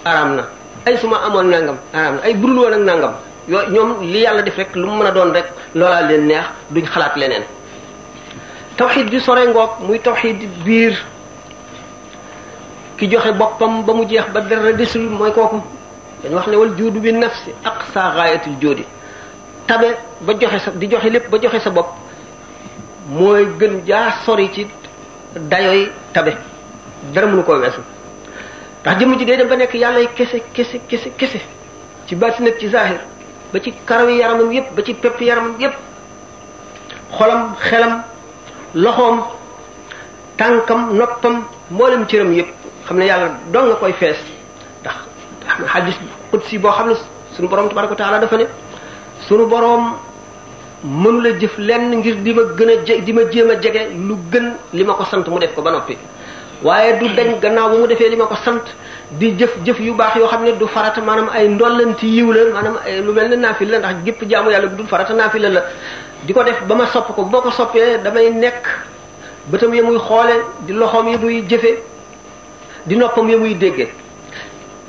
araam na ay ma amoon nangam araam na ay budul woon ak nangam yooyu ñoom li yàlla def rek lu mu mën a doon rek loolaa leen neex duñ xalaat leneen tawxid bi sore ngoog muy tawxid biir ki joxe boppam ba mu jeex ba dara desul mooy kooku dañ wax ne wal juudu bi nafsi aqsa gaayatul jóodi tabe ba joxe sa di joxe lépp ba joxe sa bopp mooy gën jaa sori ci dayooy tabe dara mënu koo weesu ndax jëmm ji day dem ba nekk yàllay kese kese kese kese ci baati nag ci zahir ba ci karawi yaramam yépp ba ci pepp yaramam yépp xolam xelam loxoom tànkam noppam mboolem cëram yépp xam ne yàlla dong nga koy fees ndax xadis qudsi boo xam ne sunu borom tabaraka wa taala dafa ne sunu borom mënu la jëf lenn ngir di ma gën a je di ma jéem a jege lu gën li ma ko sant mu def ko ba noppi waaye du dañ gannaaw bu mu defee li ma ko sant di jëf jëf yu baax yoo xam ne du farata maanaam ay ndollanti yiw la maanaam ay lu mel ne naafil la ndax gépp jaamu yàlla bu dul la di ko def ba ma ko boo ko soppee damay nekk bëtam ya muy xoole di loxoom yi muy jëfe di noppam ya muy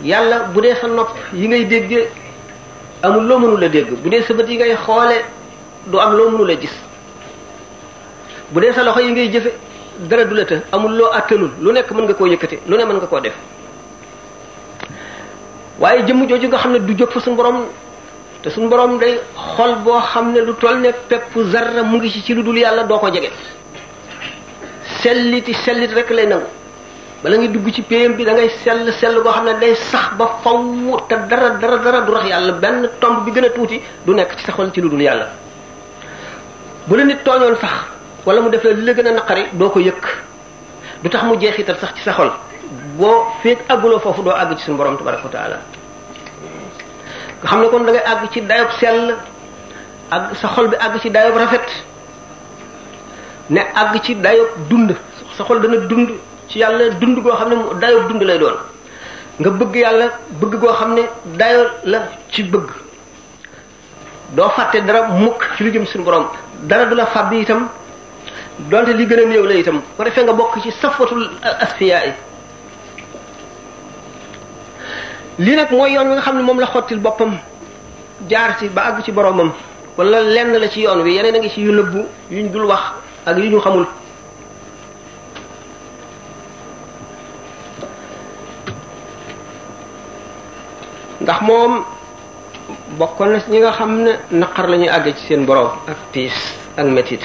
yàlla bu dee sa nopp yi ngay déggee amul loo mënul dégg bu dee sa bët yi ngay xoole du am loo mënul a gis bu dee sa loxo yi ngay jëfe dara du la amul loo àttanul lu nekk mën nga koo yëkkate lu ne mën nga koo def waaye jëmm jooju nga xam ne du jóg fa suñu borom te suñu borom day xol boo xam ne lu toll ne pepp zarra mu ngi ci ci lu dul yàlla doo ko jege selliti sellit rek lay nangu bala ngay dugg ci péyam bi da ngay sell sell boo xam ne day sax ba faw te dara dara dara du rax yàlla benn tomb bi gën a tuuti du nekk ci sa xol ci lu dul yàlla bu la nit tooñoon sax wala mu def la li la gën a naqari doo ko yëkk du tax mu jeexital sax ci sa xol boo feeg àgguloo foofu doo àgg ci suñu borom tabaraka wa taala nga xam ne kon da ngay ci dayob sell àgg sa xol bi àgg ci dayob rafet ne àgg ci dayob dund sa dana dund ci yàlla dund goo xam ne mu dayob dund lay doon nga bëgg yàlla bëgg goo xam ne dayo la ci bëgg doo fàtte dara mukk ci lu jëm suñu borom dara du la fàbbi itam donte li gën a néew itam ko defee nga bokk ci safatul asfiya yi lii nag mooy yoon mi nga xam ne moom la xottil boppam jaar ci ba àgg ci boroomam walla lenn la ci yoon wi yeneen a ngi ci yu nëbbu yuñ dul wax ak yu ñu xamul ndax moom bokkoon na ñi nga xam ne naqar lañuy ñuy àgg ci seen boroom ak tiis ak metit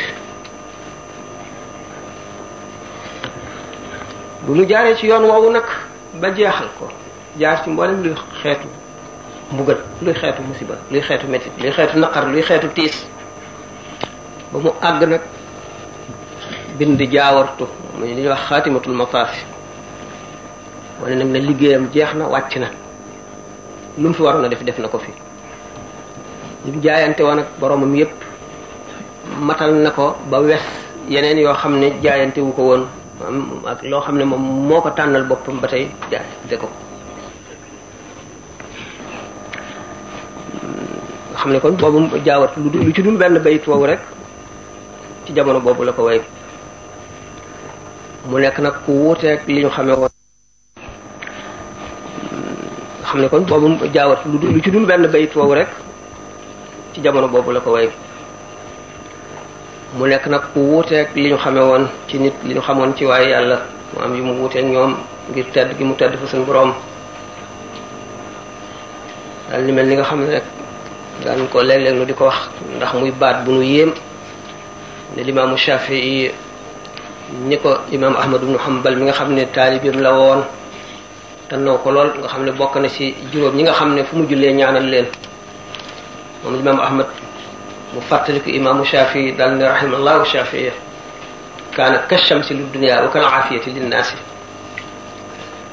bu nu jaaree ci yoon woowu nag ba jeexal ko jaar ci mboolem luy xeetu mbugal luy xeetu musiba luy xeetu métit luy xeetu naqar luy xeetu tiis ba mu àgg nag bind jaawartu muy li ñuy wax xaatimatul mafaafi wane nag ne liggéeyam jeex na wàcc na lu mu def def na ko fi jaayante woon nag boromam yépp matal na ko ba wes yeneen yoo xam ne jaayantewu ko woon loo xam ne moom moo ko tànnal boppam ba tey de ko xam ne kon boobu jaawat lu ci dul benn bayit woowu rek ci jamono boobu la ko way mu nekk nag ku wuuteeg li ñu xamee woon xam ne kon boobu jaawat lu ci dul benn bayit woowu rek ci jamono boobu la ko way mu nekk nag ku wuuteeg li ñu woon ci nit li xamoon ci waaye yàlla mu am yu mu wuuteeg ñoom ngir tedd gi mu tedd fa suñu boroom daal li mel ni nga xam ne rek daan ko léeg-léeg nu di ko wax ndax muy baat bu nu yéem ne limaamu Shafii ni ko imaam Ahmad xam Hanbal mi nga xam ne taalibeem la woon tannoo ko lool nga xam ne bokk na ci juróom ñi nga xam ne fu mu jullee ñaanal leen moom imaam Ahmad mu fàttaliku imaamu Shafii daal ne rahimallahu Shafii kaana kashamsi li dunya wa kal aafiyati linnaasi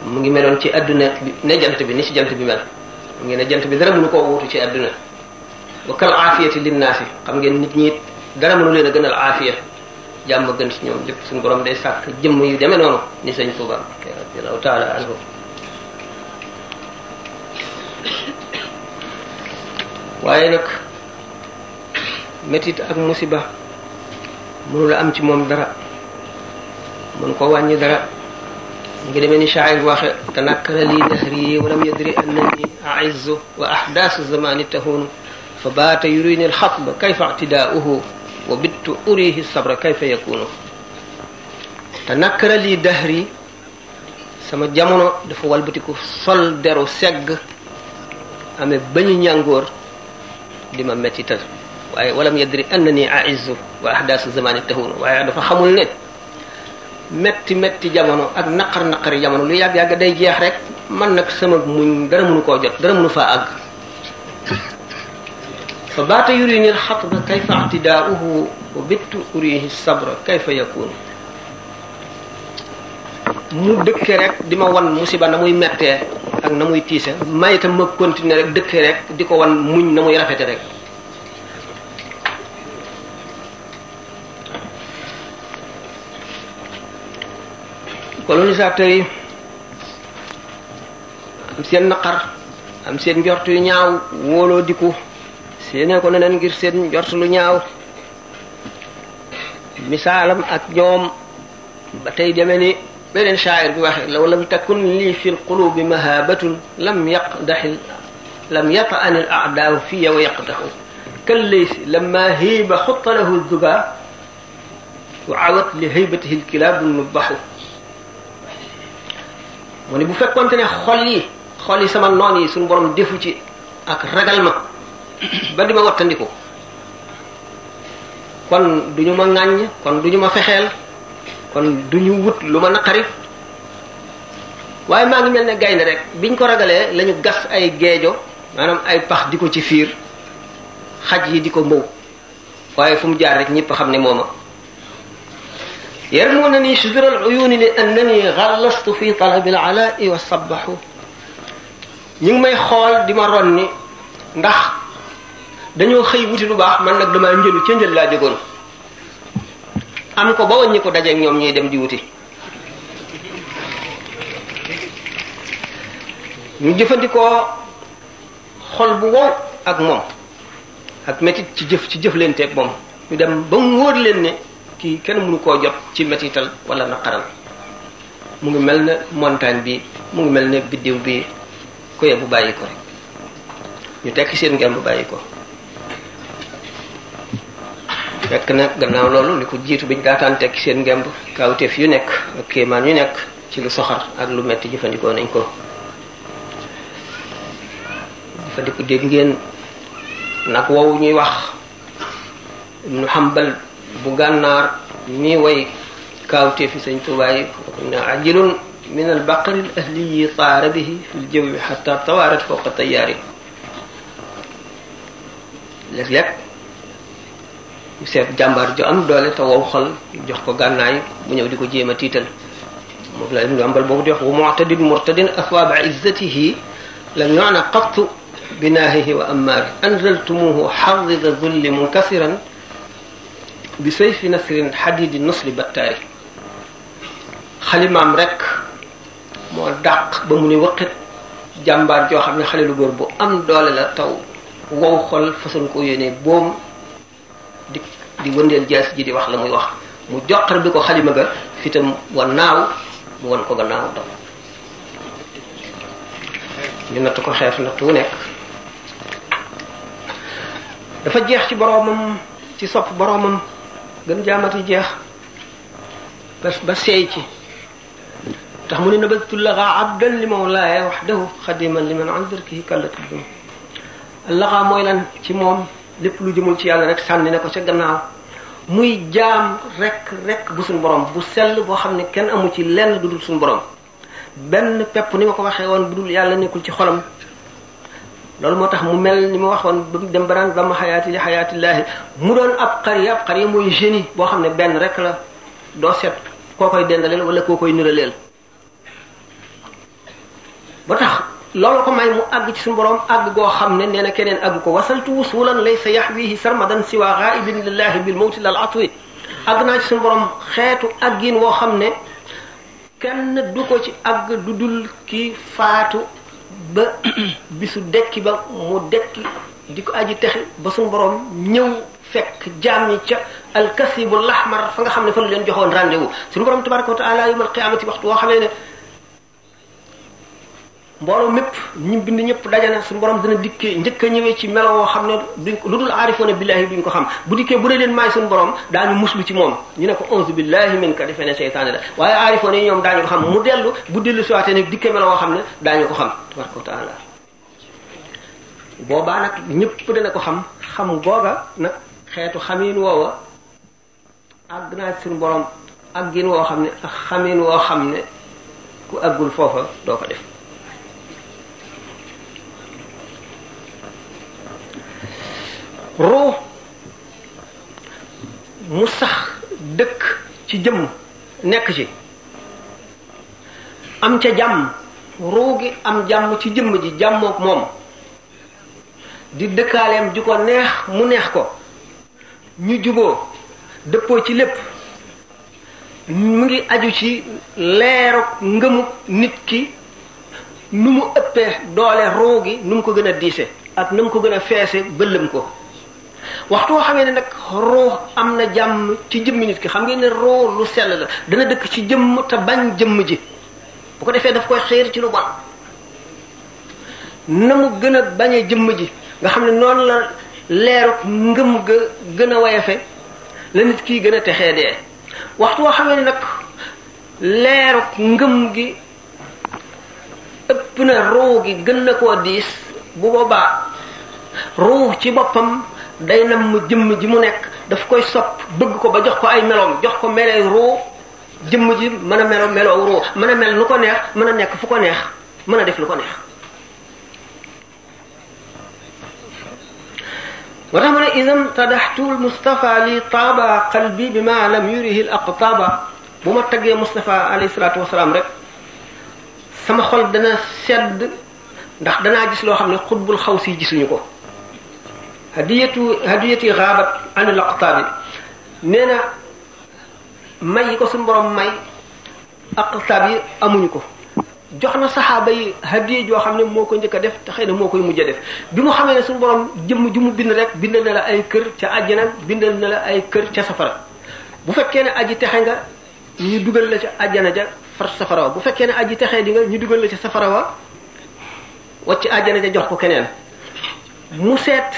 mu ngi meloon ci adduna bi ne jant bi ni ci jant bi mel mu ngi ne jant bi dara mënu ko wuutu ci adduna wa kal aafiyati linnaasi xam ngeen nit ñi dara mënu leen gën gënal aafiya jàmm gën si ñoom lépp suñu borom day sàkk jëmm yu demee noonu ni sëñ Tuuba radiyallahu taala anhu waaye nag métit ak musiba mënula am ci moom dara mën ko wàññi dara mu ngi demee waxe tanakkala li dahri walam yadri annani a'izzu wa ahdaasu zamani tahunu fa baata yurini alxatba kayfa i'tidaa'uhu wa bittu urihi sabra kayfa yakunu tanakkala li dahri sama jamono dafa walbatiku sol deru segg amee bañu ñàngoor di ma mettital waaye walam yadri annani aizu wa ahdaasu zamani tahunu waaye dafa xamul ne metti metti jamono ak naqar naqari jamono lu yàgg yàgg day jeex rek man nag sama muñ dara mënu koo jot dara mënu faa àgg fa baata yurini alxatba kayfa atidaauhu wa bittu urihi sabra kayfa yakunu mu dëkke rek di ma wan musiba na muy mettee ak na muy tiise may itam ma continuer rek dëkke rek di ko wan muñ na muy rafete rek colonisateurs yi am seen naqar am seen njort yu ñaaw wóoloo diku séenee ko neneen ngir seen njort lu ñaaw misaalam ak ñoom ba tey demee ni beneen shaayir bi waxee law lam takun lii fi lqulubi mahabatun lam yaqdaxil lam yata'an al a'daaw fiya wa yaqdaxu kallaysi lamma hiiba xutta lahu duba wa awat li haybatihi lkilaabu nubaxu mu ne bu fekkonte ne xol yi xol yi sama noon yi suñu borom defu ci ak ragal ma ba di ma wattandiku kon du ñu ma ŋàññ kon du ñu ma fexeel kon du ñu wut lu ma naqari waaye maa ngi mel ne gaynde rek biñ ko ragalee lañu gas ay geejo maanaam ay pax di ko ci fiir xaj yi di ko mbow waaye fu mu jaar rek ñëpp xam ne mooma يرمونني شجر العيون لأنني غلست في طلب العلاء والصبح ñu ngi may xool di ma ronni ndax dañoo xëy wuti lu baax man nag damaa njëlu ca laa jegoon am ko ba wàññi ko dajeeg ñoom ñuy dem di wuti ñu jëfandikoo xool bu wow ak moom ak metit ci jëf ci jëflanteeg moom ñu dem ba mu leen ne kii kenn mënu koo jot ci metital walla naqaral mu ngi mel na montagne bi mu ngi mel ne biddiw bi ku yebbu bàyyi ko ñu tekki seen ngemb bàyyi ko fekk na gannaaw loolu li ko jiitu bi ñu daataan tekki seen ngemb kawteef yu nekk ak kéemaan yu nekk ci lu soxar ak lu metti jëfandikoo nañ ko jëfandiku dégg ngeen nag ñuy wax Ibnu Hanbal bu gànnaar mi way kaawtee fi sëñ Tuubaa yi na ajilun min albaqari al ahliyi taara bihi fi ljawi xata tawaarat fawqa tayaari léeg-léeg mu seet jàmbaar ju am doole te wow xol jox ko gànnaay mu ñëw di ko jéem a tiital moom la ibnu ambal boobu di wax wa mu'tadin murtadin aswaaba izzatihi lam yu'na qattu binaahihi wa ammaari anzaltumuhu xadida zulli munkasiran bi say fi nasrin xadidi nasri battaari xalimaam rek moo dàq ba mu ni waqit jàmbaar joo xam ne xale lu góor bu am doole la taw wow xol façon ko yéene boom di wëndeel jaas ji di wax la muy wax mu joqar bi ko xalima ga fitam wa naaw mu won ko ga naaw daw ñu natt ko xeef natt wu nekk dafa jeex ci boroomam ci sopp boroomam gën jaamati jeex ba ba sey ci tax mu ne nabadtu laxaa abdan li mawlaaya waxdahu xadiman li man an dirkihi kallatuddum laxaa mooy lan ci moom lépp lu jëmul ci yàlla rek sànni ne ko ca gannaaw muy jaam rek rek bu suñ borom bu sell boo xam ne kenn amu ci lenn du dul suñ borom benn pepp ni ma ko waxee woon bu dul yàlla nekkul ci xolam loolu moo tax mu mel ni ma waxoon ba mu dem ba naan dama xayaati li xayaatillaahi mu doon ab xari ab xari mooy génie boo xam ne benn rek la doo seet koo koy dendaleel wala koo koy niraleel ba tax loolu ko may mu àgg ci su borom àgg goo xam ne nee keneen àgg ko wasaltu wusulan laysa yaxwihi sarmadan siwa gaaibin lillahi bil mawti lal atwi àgg naa ci suñu borom xeetu àggin woo xam ne kenn du ko ci àgg du dul ki faatu ba bisu dekki ba mu dekki di ko aji texe ba suñu borom ñëw fekk jaam ñi ca alkasibu lahmar fa nga xam ne fa la leen joxoon rendez-vous suñu borom tabaraka wa taala yawmal qiyaamati waxtu woo xamee ne mbooloo mépp ñu bind ñëpp dajana suñu borom dana dikkee njëkk ñëwee ci melo woo xam ne duñ ko lu dul aarifoona bi duñ ko xam bu dikkee bu dee leen maay suñu borom daañu muslu ci moom ñu ne ko onze billahi min ka defee ne seytaane la waaye aarifoona yi ñoom daañu ko xam mu dellu bu dellu siwaatee nag dikkee melo woo xam ne daañu ko xam tabaraka wa taala boobaa nag ñëpp dana ko xam xam googa nag xeetu xamiin woowa àgg naa suñu borom àggin woo xam ne ak xamiin woo xam ne ku àggul foofa doo ko def ruux mu sax dëkk ci jëmm nekk ci am ca jàmm ruu gi am jàmm ci jëmm ji jàmmook moom di dëkkaaleem ji ko neex mu neex ko ñu juboo dëppoo ci lépp mu ngi aju ci leeru ngëmu nit ki nu mu ëppee doole ruu gi nu mu ko gën a diise ak nu mu ko gën a feese bëllam ko waxtu woo xamee ne nag ruux am na jàmm ci jëmm nit ki xam ngeen ne ruux lu sell la dana dëkk ci jëmm te bañ jëmm ji bu ko defee daf koy xiir ci lu bon na mu gën a jëmm ji nga xam ne noonu la leeruk ngëm a wayefe la nit kii gën a texee dee waxtu woo xamee ne nag leeruk ngëm gi ëpp na ruux gi gën na ko diis bu boobaa ruux ci boppam day nam mu jëmm ji mu nekk daf koy sopp bëgg ko ba jox ko ay meloom jox ko melee ruu jëmm ji mën a melo meloo ruu mën a mel nu ko neex mën a nekk fu ko neex mën a def lu ko neex moo tax mu ne idan tadaxtu lmustafa li taaba qalbi bi ma lam yurihi l aqtaaba bu ma taggee mustafa alayhi rek sama xol dana sedd ndax danaa gis loo xam ne xutbul xaw si gisuñu ko hadiyatu hadiyati xaabat anil aqtaabi nee na may yi ko suñu borom may aqtaab amuñ ko jox na saxaaba yi hadiya joo xam ne moo ko njëkk def te xëy na moo koy mujj a def bi mu xamee ne suñu borom jëmm ju mu bind rek bindal na la ay kër ca àjjana bindal na la ay kër ca safara bu fekkee ne aji texe nga ñu dugal la ca àjjana ja far safara wa bu fekkee ne aji texee di nga ñu dugal la ca safara wa wacc àjjana ja jox ko keneen mu seet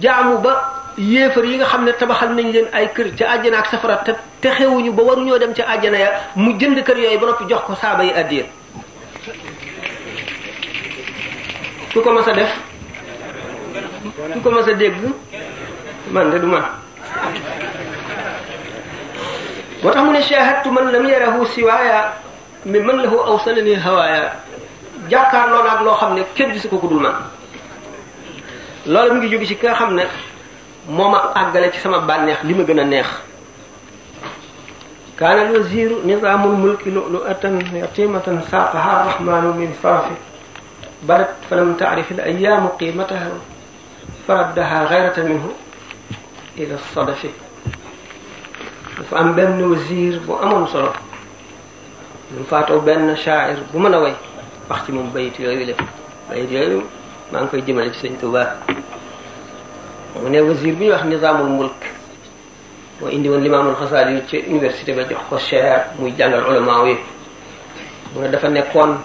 jaamu ba yéefar yi nga xam ne tabaxal nañ leen ay kër ca àjjana ak safara te texewuñu ba waruñoo dem ca àjjana ya mu jënd kër yooyu ba noppi jox ko saaba yi addiya ku ko mas def ku ko mas a dégg man de du man moo tax mu ne shahadtu man lam yarahu siwaaya mi man lahu awsalani hawaaya jàkkaarloo naag loo xam ne kenn gisu ko ku dul man loolu mi ngi jóge ci ki xam ne moo ma ci sama bànneex li ma gën a neex kaana al waziru nizaamul mulki lu'lu'atan yatimatan saaqaha rahmanu min faafi badat falam taarif al ayaamu qiimataha faraddaha gayrata minhu ila sadafi dafa am benn wazir bu amoon solo ñu faatoo benn shaair bu mën a way wax ci moom bayit yooyu la bayit yooyu maa ngi koy jëmale ci sëñ Tuubaa mu ne wazir bi ñu wax nizaamul mulk moo indi woon limaamul xasaal yi ci université ba jox ko cher muy jàngal ulama yi mu ne dafa nekkoon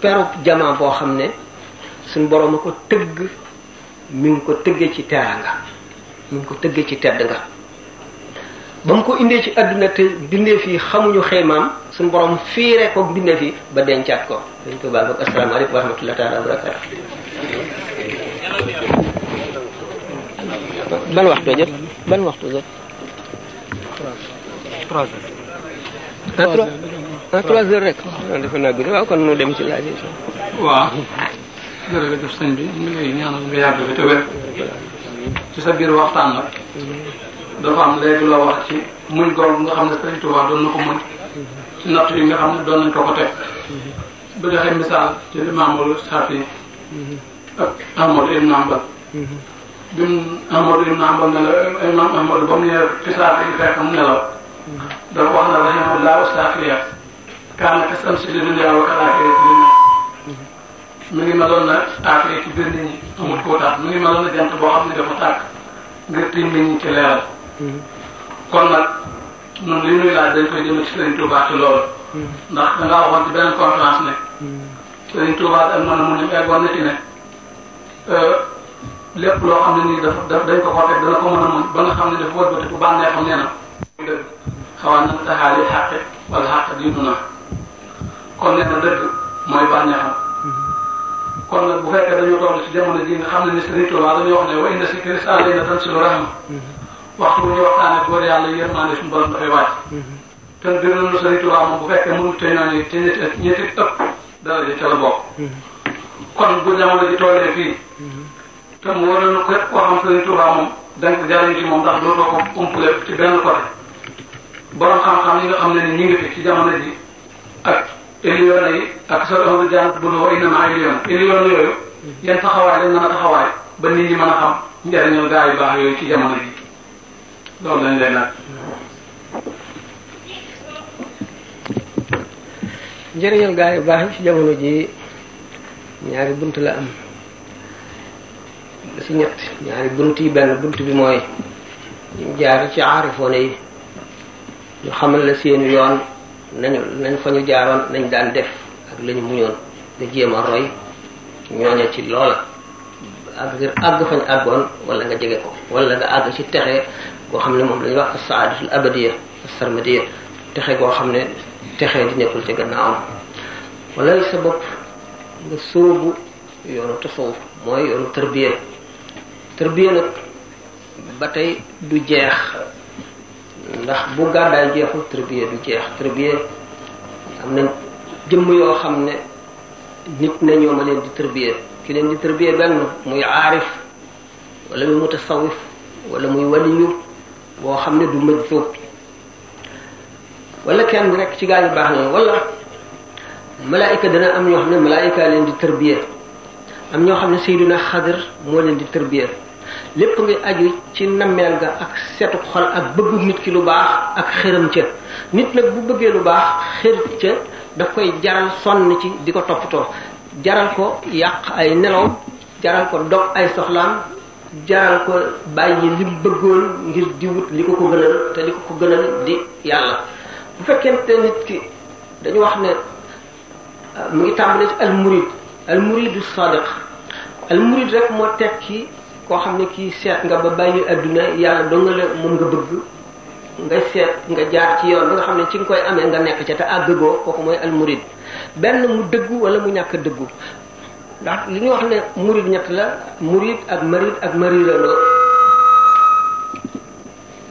perub jamaa boo xam ne suñ boroom a ko tëgg mu ngi ko tëggee ci teraanga mu ngi ko tëggee ci tedd nga ba mu ko indee ci àdduna te bindeef fii xamuñu xëy xaymaam suñ boroom fiire kook bindeef yi ba dencaat ko dañ ko ba ko asalaamaaleykum wa wa barakatu ban waxtu jot ban waxtu jot. trois heures. ah trois rek. waaw ah, defe naa guddi waaw kon nu dem ci laaj yi. waaw jërëjëf sëñ bi ñu ngi ñaanal nga yàgg bi te wér ci sa biir waxtaan nag dafa am léegi loo wax ci muñ góor nga xam ne Sëriñ Tuubaa doon na ko muñ ci natt yi nga xam ne doon nañ ko ko teg. bu joxee misaal ci Imaamul Saafi ak Ahmad ibn Hanbal mhm. bi mu Ahmad ibn Hanbal ne la imam Ahmad ba mu ne pisaa yi fekk mu nelaw mhm. dafa wax na rahimahullah wastafiya kaana kasam si didun yaa wa kalaakee ci biir mi ngi meloon na aafee ci biir nit ñi amul koo tax mi ngi meloon na jant boo xam ne dafa tàkk ngir tiim nit ñi ci leeral mhm. kon nag ñun li ñuy laaj dañ koy jëme ci Serigne Touba ci loolu ndax da ngaa waxoon ci beneen conférence ne Serigne Touba ak man mu ne eggoon na ci ne Euh, lépp loo xam ne nii dafa daf dañ ko ko teg dana ko mën a muñ ba nga xam ne dafa wëlbati bu bànnee xam nee na muy dëgg xawaa nan taxaali xàqe wala xàq diinu na kon nee na dëgg mooy bànnee xam mm-hmm. kon nag bu fekkee dañoo toll si jamono ji nga xam ne ni Sëriñ Tuubaa dañoo wax ne wa inna si Kirista lay na tan si lu rahma mm-hmm. waxtu bu ñu waxtaanee góor yàlla yërmaande suñu borom dafay wàcc mm-hmm. te biir nañu Sëriñ Tuubaa moom bu fekkee mënu te ñoo ni te ñetti ñetti ëpp dara ji ca la bokk kon bu jamono ji tollee fii te mu waral na xam Sëriñ Tuubaa moom danga ko jaaree ci moom ndax dootoo ko umpale ci benn côté borom xam-xam yi nga xam ni ñu ci jamono ji ak éliyoona ak soo inna maa éliyoona éliyoona yooyu yan taxawaay lañ mën a taxawaay ba nit ñi a xam njëriñu gaa baax yooyu ci jamono ji loolu lañ lay laaj. njëriñal gaa yu baax yi ci jamono ji ñaari bunt la am. ba si ñett ñaari bunt yi benn bunt bi mooy ñu jaar ci aarifoone yi ñu xamal la seenu yoon nañu nañ fa ñu jaaroon nañ daan def ak lañu muñoon nga jéem a roy ñooña ci loola ak ngir àgg fañ àggoon wala nga jege ko wala nga àgg ci texe goo xam ne moom la ñuy wax saadatul abadiya sarmadiya texe goo xam ne texe di nekkul ci gannaawam wala sa bopp nga sóobu yoonu tasawuf mooy yoonu tarbiya tërbiya nag ba tey du jeex ndax bu gàddaay jeexul tërbiya du jeex tërbiya am na jëmm yoo xam ne nit ne ñoo ma leen di tërbiya ki leen di tërbiya benn muy aarif wala muy mutasawif wala muy waliyu boo xam ne du mëj sóob wala kenn rek ci gaa yu baax na wala malaayika dana am ñoo xam ne malaayika leen di tërbiya am ñoo xam ne Seydina Xadir moo leen di tërbiya lépp ngay aju ci nameel ga ak setu xol ak bëggu nit ki lu baax ak xëram ca nit nag bu bëggee lu baax xër ca daf koy jaral sonn ci di ko toppatoo jaral ko yàq ay nelaw jaral ko dog ay soxlaam jaral ko bàyyi li bëggoon ngir di wut li ko ko gënal te li ko ko gënal di yàlla bu fekkente nit ki dañu wax ne mu ngi tàmbalee ci al al muridu sadiq al murid rek moo tekki koo xam ne kii seet nga ba bàyyi àdduna yàlla doo nga la moom nga bëgg nga seet nga jaar ci yoon ba nga xam ne ci nga koy amee nga nekk ca te àggagoo kooku mooy al murid benn mu dëggu wala mu ñàkk dëggu ndax li ñuy wax ne murid ñett la murid ak marid ak marirandoo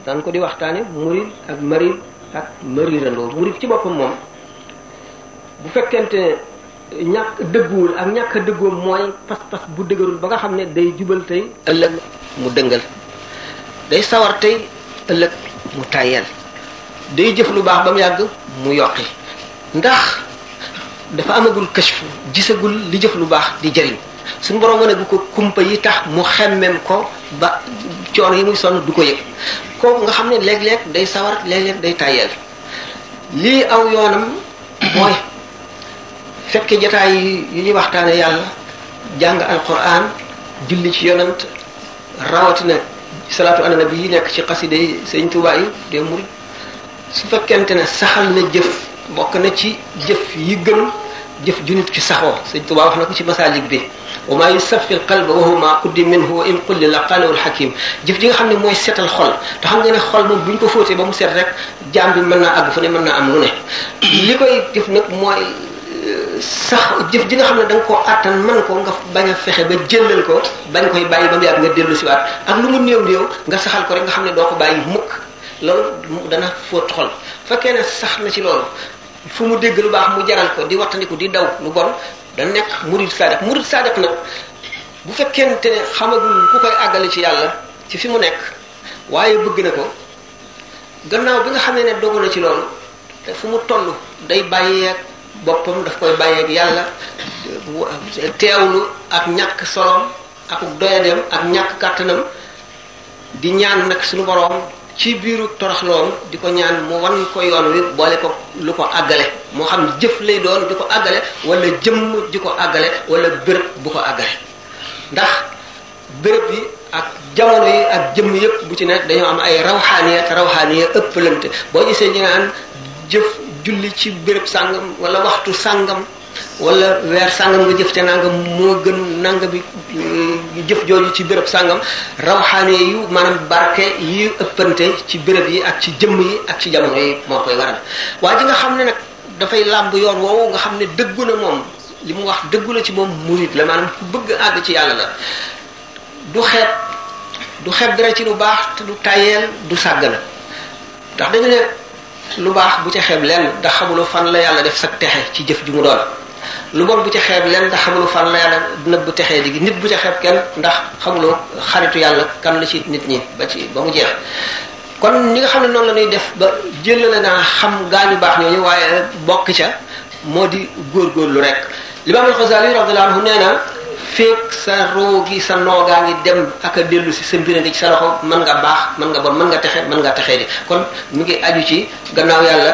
daan ko di waxtaane murid ak marid ak marirandoo murid ci boppam moom bu fekkente ñàkk dëgguwul ak ñàkk a dëggoom mooy pas-pas bu dëgërul ba nga xam ne day jubal tey ëllëg mu dëngal day sawar tey ëllëg mu tàyyeel day jëf lu baax ba mu yàgg mu yokki ndax dafa amagul kashfu gisagul li jëf lu baax di jëriñ suñu borom ne bu ko kumpa yi tax mu xemmem ko ba coon yi muy sonn du ko yëg kooku nga xam ne léeg-léeg day sawar léeg-léeg day tàyyeel lii aw yoonam mooy fekke jataay yi ñuy waxtaane yàlla jàng alquran julli ci yonant rawatina salaatu ala nabi yi nekk ci xasida yi sëñ Tuubaa yi des murid su fekkente ne saxal na jëf bokk na ci jëf yi gën jëf ju nit ki saxoo sëñ Tuubaa wax na ko ci masaalik bi wa maa yusaffi alqalba wa huwa maa uddi minhu wa in qulli la qaalawul hakim jëf ji nga xam ne mooy setal xol te xam nga ne xol moom bu ñu ko fóotee ba mu set rek jaam bi mën naa àgg fu ne mën naa am lu ne li sax jëf ji nga xam ne danga ko koo àttan man ko nga bañ a fexe ba jëllal ko bañ koy bàyyi ba mu yàgg nga dellu si waat ak lu mu néew néew nga saxal ko rek nga xam ne doo ko bàyyi mukk loolu dana fóot xol fekkee ne sax na ci loolu fu mu dégg lu baax mu jaral ko di wattandiku di daw lu bon da nekk murid sadak murid sadak na bu fekkee ne xamagul ku koy àggale ci yàlla ci fi mu nekk waaye bëgg na ko gannaaw bi nga xam ne dogu na ci loolu te fu mu toll day bàyyeek boppam daf koy bàyyeeg yàlla teewlu ak ñàkk solom ak doyadem ak ñàkk kàttanam di ñaan nag suñu boroom ci biiru toroxloom di ko ñaan mu wan ko yoon wi boole ko lu ko àggale moo xam ne jëf lay doon di ko àggale walla jëmm di ko àggale wala bërëb bu ko àggale ndax bërëb yi ak jamono yi ak jëmm yëpp bu ci nekk dañoo am ay rawxaaniya te rawxaaniya ëppalante boo gisee ñu jëf julli ci bërëb sàngam wala waxtu sàngam walla weer sàngam nga jëf te nangam moo gën nangam bi eh, jëf jooju ci bërëb sàngam rawxaane yu maanaam barke yi ëppante ci bërëb yi ak ci jëmm yi ak ci jamono yi moo koy waral waa ji nga xam ne nag dafay làmb yoon woowu nga xam ne dëggu na moom li mu wax dëggu la ci moom murid la maanaam ku bëgg àgg ci yàlla la du xeeb du xeeb dara ci lu baax te du tàyyeel du sàgg na ndax dañu ne lu baax bu ca xeeb lenn ndax xamuloo fan la yàlla def sag texe ci jëf ji mu doon lu bon bu ca xeeb lenn ndax xamuloo fan la yàlla nëbb texee digi nit bu ca xeeb kenn ndax xamuloo xaritu yàlla kan la ci nit ñi ba ci ba mu jeex kon ñi nga xam ne noonu la ñuy def ba la naa xam gaañu baax ñooñu waaye bokk ca moo di góorgóorlu rek limaam al-Ghazali radiyallahu anhu nee na feek sa roo gi sa noogaa ngi dem ak a dellu si sa mbir di ci sa loxo mën nga baax mën nga bon mën nga texe mën nga texee di kon mu ngi aju ci gannaaw yàlla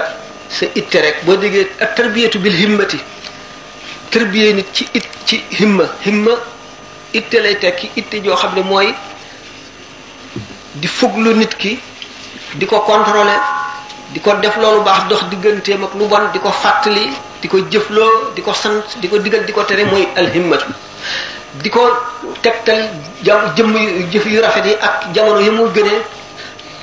sa itte rek boo déggee ak tarbiyatu bil himmati tarbiyee nit ci it ci himma himma itte lay tekki itte joo xam ne mooy di fuglu nit ki di ko contrôler di ko def loolu baax dox digganteem ak lu bon di ko fàttali di ko jëf jëfloo di ko sant di ko digal di ko tere mooy alhimmatu di ko tegtal jam jëmm jëf yu rafet yi ak jamono yi mu gënee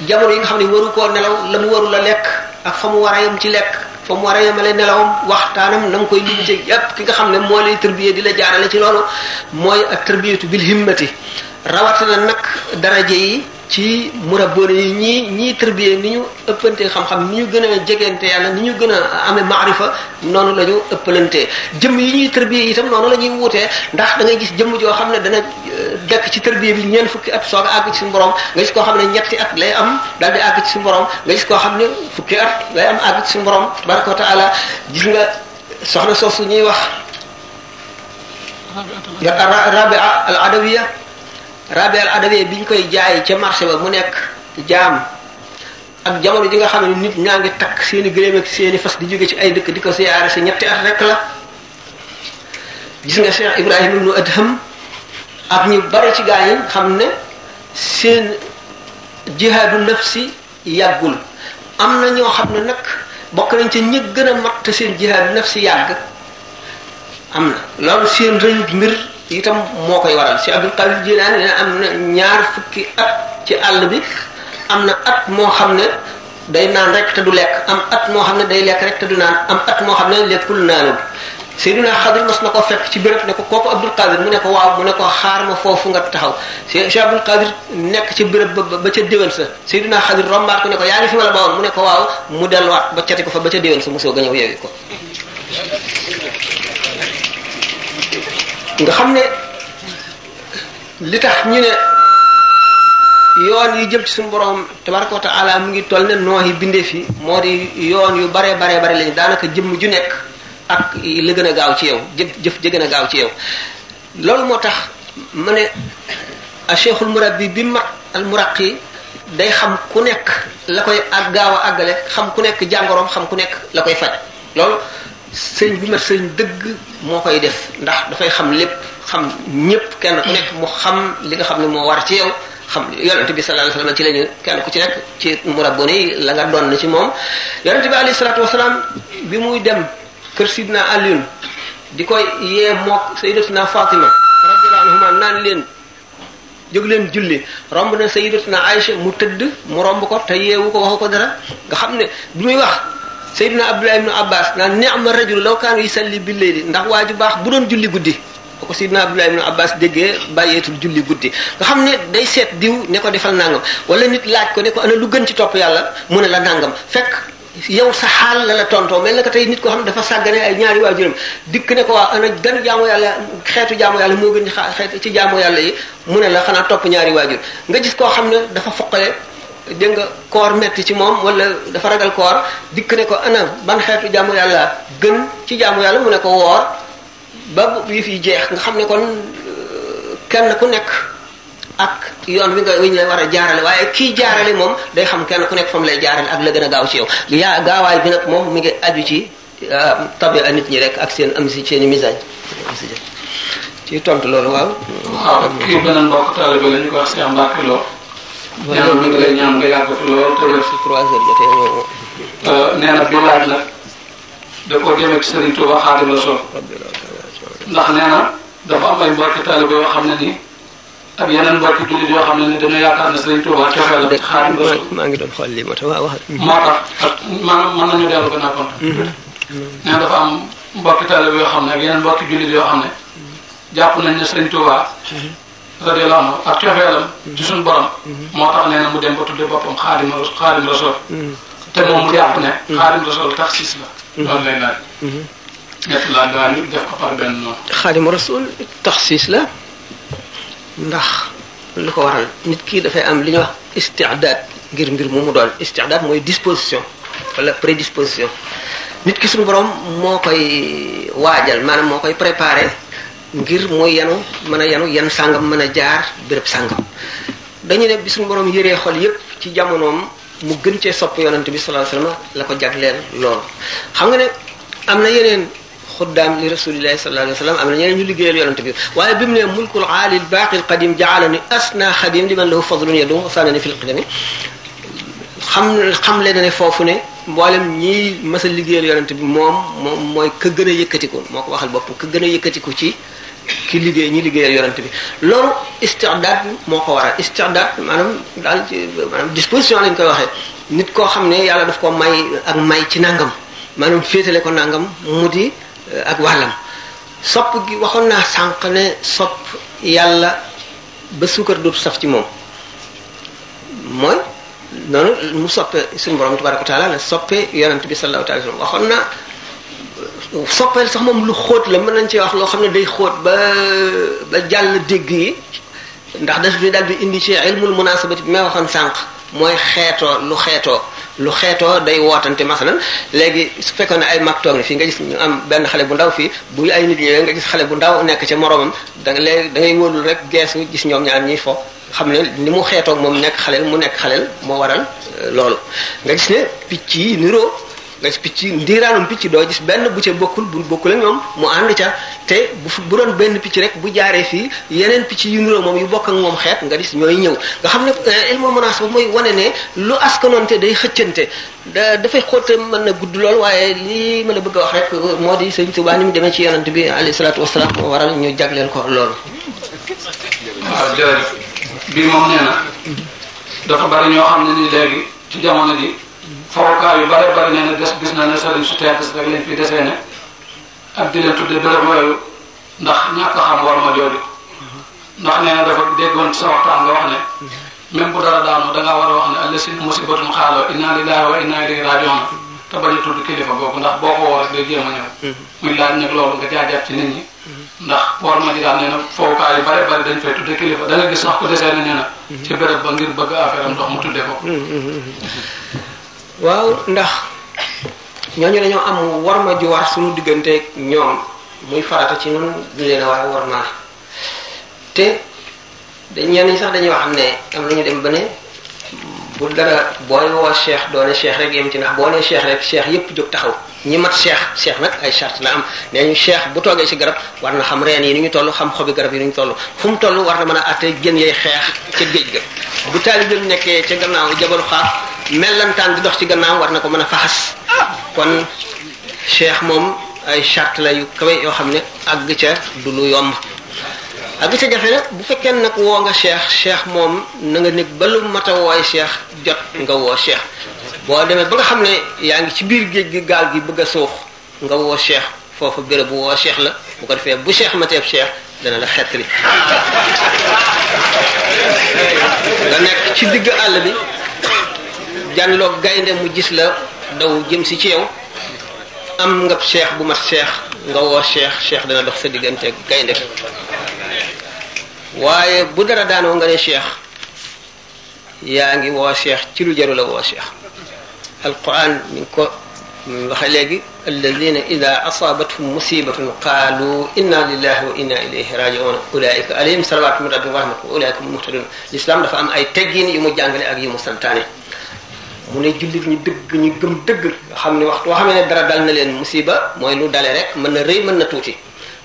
jamono yi nga xam ne waru koo nelaw la mu warul a lekk ak fa mu war a yem ci lekk fa mu war a nelaw nelawam waxtaanam na nga koy lim ci yépp ki nga xam ne moo lay tërbiyee di la jaarale ci loolu mooy ak tërbiyatu bil himmati rawatina nag daraje yi ci murabboon yi ñii ñii tërbiyee ni ñu ëppantee xam-xam ni ñu gën a jegente yàlla ni ñu gën a amee maarifa noonu la ñu ëppalante jëmm yi ñuy tërbiyee tam noonu la ñuy wuutee ndax da gis jëmm joo xam ne dana euh, dekk ci tërbiyee bi ñeent fukki at soog a àgg ci suñu borom nga gis koo xam ne ñetti at lay am daal di àgg ci suñu borom nga gis koo xam ne fukki at lay am àgg ci suñu borom tabaraka wa taala gis nga soxna soosu ñuy wax rabia al adawiya rabi al bi ñu koy jaay ca marché ba mu nekk jaam ak jamono ji nga xam ne nit ñaa ngi takk seeni gëléem seeni fas di jóge ci ay dëkk di ko siyaare ñetti at rek la gis nga Cheikh Ibrahim ibnu Adham ak ñu bari ci gaa yi xam ne seen jihaadu si yàggul am na ñoo xam ne nag bokk nañ ca ñi gën a mat seen jihaadu si yàgg am na loolu seen rëñ mbir itam moo koy waral si Abdul Qadir Jilaani naa am na ñaar fukki at ci àll bi am na at moo xam ne day naan rek te du lekk am at moo xam ne day lekk rek te du naan am at moo xam ne lekkul naanul Seydina Xadir mas na ko fekk ci bërëb ne ko kooku Abdul Qadir mu ne ko waaw mu ne ko xaar ma foofu nga taxaw si Abdul Qadir nekk ci béréb ba ba ca déwén sa Seydina Xadir rombaat ko ne ko yaa ngi fi wala bawoon mu ne ko waaw mu delluwaat ba cati ko ba ca déwén sa mosoo gañëw yeewi ko nga xam ne li tax ñu ne yoon yu jëm ci suñu borom tabaraka wa taala mu ngi toll ne noox yi bindee fi moo di yoon yu baree baree bare lañu daanaka jëmm ju nekk ak la gën a gaaw ci yow jëf jëf ji a gaaw ci yow loolu moo tax ma ne a cheikhul murabbi bi mat al day xam ku nekk la koy ak gaaw a àggale xam ku nekk jàngoroom xam ku nekk la koy faj loolu sëñ bi mat sëñ dëgg moo koy def ndax dafay xam lépp xam ñépp kenn ku nekk mu xam li nga xam ne moo war ci yow xam yonente bi sallallahu alayhi ci lañu kenn ci nekk ci murabbani yi la na ci moom yonente bi alayhi bi muy dem kër sidna Alioune di koy yee mook sayyidatuna Fatima radiyallahu anhuma naan leen jóg leen julli romb na sëñ sayyidatuna Aïcha mu tëdd mu romb ko te yeewu ko waxu ko dara nga xam ne bi muy wax Seydina Abdullah ibn Abbas naan ni'ma rajul law kaana yusalli bil layli ndax waa ju baax bu doon julli guddi boo ko Seydina Abdullah ibn Abbas déggee bàyyeetul julli nga xam ne day seet diw ne ko defal nangam wala nit laaj ko ne ko ana lu gën ci topp yàlla mu ne la nangam fekk yow sa xaal la la tontoo mel na ko tey nit koo xam ne dafa sàggane ay ñaari waajuram dikk ne ko waa ana gan jaamu yàlla xeetu jaamu yàlla moo gën ci xeetu ci jaamu yàlla yi mu ne la xanaa topp ñaari waajur nga gis koo xam ne dafa foqale dégg nga koor metti ci moom wala dafa ragal koor dikk ne ko ana ban xeetu jaamu yàlla gën ci jaamu yàlla mu ne ko woor ba yi fi jeex nga xam ne kon euh, kenn ku nekk ak yoon wi nga wi ñu war a jaarale waaye kii jaarale moom day xam kenn ku nekk fa lay jaarale ak la gën a gaaw ci yow yaa gaawaay bi nag moom mu ngi aju ci euh, tabi nit ñi rek ak seen am si seen i misaaj ci tontu loolu waaw. waaw kii beneen mbokk taalibe la ñu ko wax Cheikh Mbacke Lo ñaan ñu ngi lay ñaan nga yàgg fi lool te wér. trois heures jotee ñëw. nee na bi laaj la. da koo jëmee ci Serigne Touba ndax nee na dafa am ay mbokki taalibe yoo xam ne nii ak yeneen mbokki jullit yoo xam ne nii dañoo yaakaar ne Serigne la maa ngi doon xool li moo tax waaw wax mën nañu dellu gën a kontaan mhm. nee na dafa am mbokki taalibe yoo xam ne ak yeneen mbokki jullit yoo xam ne jàpp nañ ne Serigne Touba mhm. radiyallahu anhu ak cofeelam mm-hmm. ci suñu borom mm-hmm. moo tax nee na mu dem ba tudde boppam xaadim xaadim rasool mm-hmm. te moom mu jàpp ne xaadim rasool la ndax lu ko waral nit kii dafay am li ñuy wax istiadaat ngir mu mu doon istiadaat mooy disposition wala prédisposition nit ki suñu borom moo koy waajal maanaam moo koy préparé ngir mooy yenu man a yanu yan sàngam mën a jaar béréb sàngam dañu ne bi suñu borom yëree xol yépp ci jamonoom mu gën cee sopp yonante bi sallallahu alayhi la ko jagleel loolu xam nga ne am na yeneen xuddaam li rasulillahi sallallahu alayhi wasallam am na ñeneen ñu liggéeyal yonante bi waaye bi mu ne mulkul aali baaqi qadim jaalani asna xadim liman lahu fadlun yadum wasanani fil qidami xam xam leen ne foofu ne mboolem ñiy mës a liggéeyal bi moom moom mooy ka gën a yëkkatiku moo ko waxal bopp ka gën a yëkkatiku ci ki liggéey ñi liggéeyal yonent bi loolu istidaad moo ko waral istidaad maanaam daal disposition lañ koy waxee nit koo xam ne yàlla daf ko may ak may ci nangam maanaam féetale ko nangam mu di eh, ak wàllam sopp gi waxoon naa sànq ne sopp yàlla ba suukar dootu saf ci moom mooy noonu mu soppe suñu borom tabaraka wa la soppe yonent bi sallallahu alayhi wa waxoon naa soppeel sax moom lu xóot la mën nañ ci wax loo xam ne day xóot ba ba jàll dégg yi ndax daf ñu dal bi indi ci ilmul munasabati bi may waxoon sànq mooy xeetoo lu xeetoo lu xeetoo day wootante masalan léegi su fekkoon ne ay mag toog nga gis am benn xale bu ndaw fii bu ay nit ñëwee nga gis xale bu ndaw nekk ca moroomam da nga dangay da ngay wóolul rek geesu gis ñoom ñaar ñuy fo xam ne ni mu xeetook moom nekk xaleel mu nekk xaleel moo waral euh, loolu nga gis ne picc yi niroo nga gis picc ndiiraalum picc doo gis benn bu ca bokkul bu bokkul a ñoom mu ànd ca te bu doon benn picc rek bu jaaree fii yeneen picc yu niroo moom yu bokk ak moom xeet nga gis ñooy ñëw nga xam ne eh, ilmu munasaba mooy wane ne lu askanoonte day xëccante da dafay xóote mën na gudd lool waaye lii ma la bëgg a wax rek moo di sëñ Tuubaa ni mu demee ci yonent bi alayhi salaatu wasalaam moo waral ñu jagleel ko loolu waaw jërëjëf bi moom nee na dafa bari ñoo xam ne ni léegi ci fawukaay yu bare bare nee na des gis naa ne soo dem si théâtre rek di leen tudde béréb yooyu ndax ñàkk war ma jooju ndax nee na dafa déggoon sa waxtaan nga wax ne même bu dara daanu da ngaa war wax ne allasin musibatum xaaloo inna lillahi wa inna ilayhi rajiun te bañ a tudd kilifa ndax boo ko woo rek day a ñëw mm-hmm. muy ci nit mm-hmm. ndax war na fowukaay yu bare bare dañ fay da nga gis sax ku desee mm-hmm. ba ngir bëgg affaire ndox mu tudde ko waaw ndax ñooñu dañoo am warma ju war suñu digganteek ñoom muy farata ci ñun ñu leen a war a te dañ ñenn ñi sax dañoo wax ne am nañu dem ba ne bul dara booy woo cheikh doone cheikh rek yem ci ndax boo nee cheikh rek cheikh yépp jóg taxaw ñi mat cheikh cheikh nag ay charte la am nee ñu cheikh bu toogee ci garab war na xam reen yi ni ñu toll xam xobi garab yi ni ñu toll fu mu toll war na mën a atte gën yay xeex ci géej ga bu taal taalibeem nekkee ci gannaaw jabalu xaaf mellantaan bi dox ci gannaaw war na ko mën a faxas kon cheikh moom ay charte la yu kawe yoo xam ne àgg ca du lu yomb ak gis a jafe bu fekkee nag woo nga cheikh cheikh moom na nga nekk ba lu mat a wooy cheikh jot nga woo cheikh boo demee ba nga xam ne yaa ngi ci biir géej gi gaal gi bëgg a suux nga woo cheikh foofu béréb bu woo cheikh la bu ko defee bu cheikh mateeb cheikh dana la xettali nga nekk ci digg àll bi loog gaynde mu gis la daw jëm si ci yow am nga cheikh bu mat cheikh nga woo cheikh cheikh dana dox sa diggante gaynde waaye bu dara daanoo nga ne cheikh yaa ngi woo cheikh ci lu jaru la woo cheikh alquran mi ngi ko waxe léegi alladina ida asaabathum musibatun qaalu inna lillahi wa inna ilayhi rajiun ulaika alayhim salawatu min rabbihim wa rahmatuhu ulaika hum muhtadun l'islam dafa am ay teggiin yu mu jàngale ak yu mu santaane mu ne jullit ñu ñu gëm xam ne waxtu woo xam ne dara daal na leen musiba mooy lu dale rek mën na rëy mën na tuuti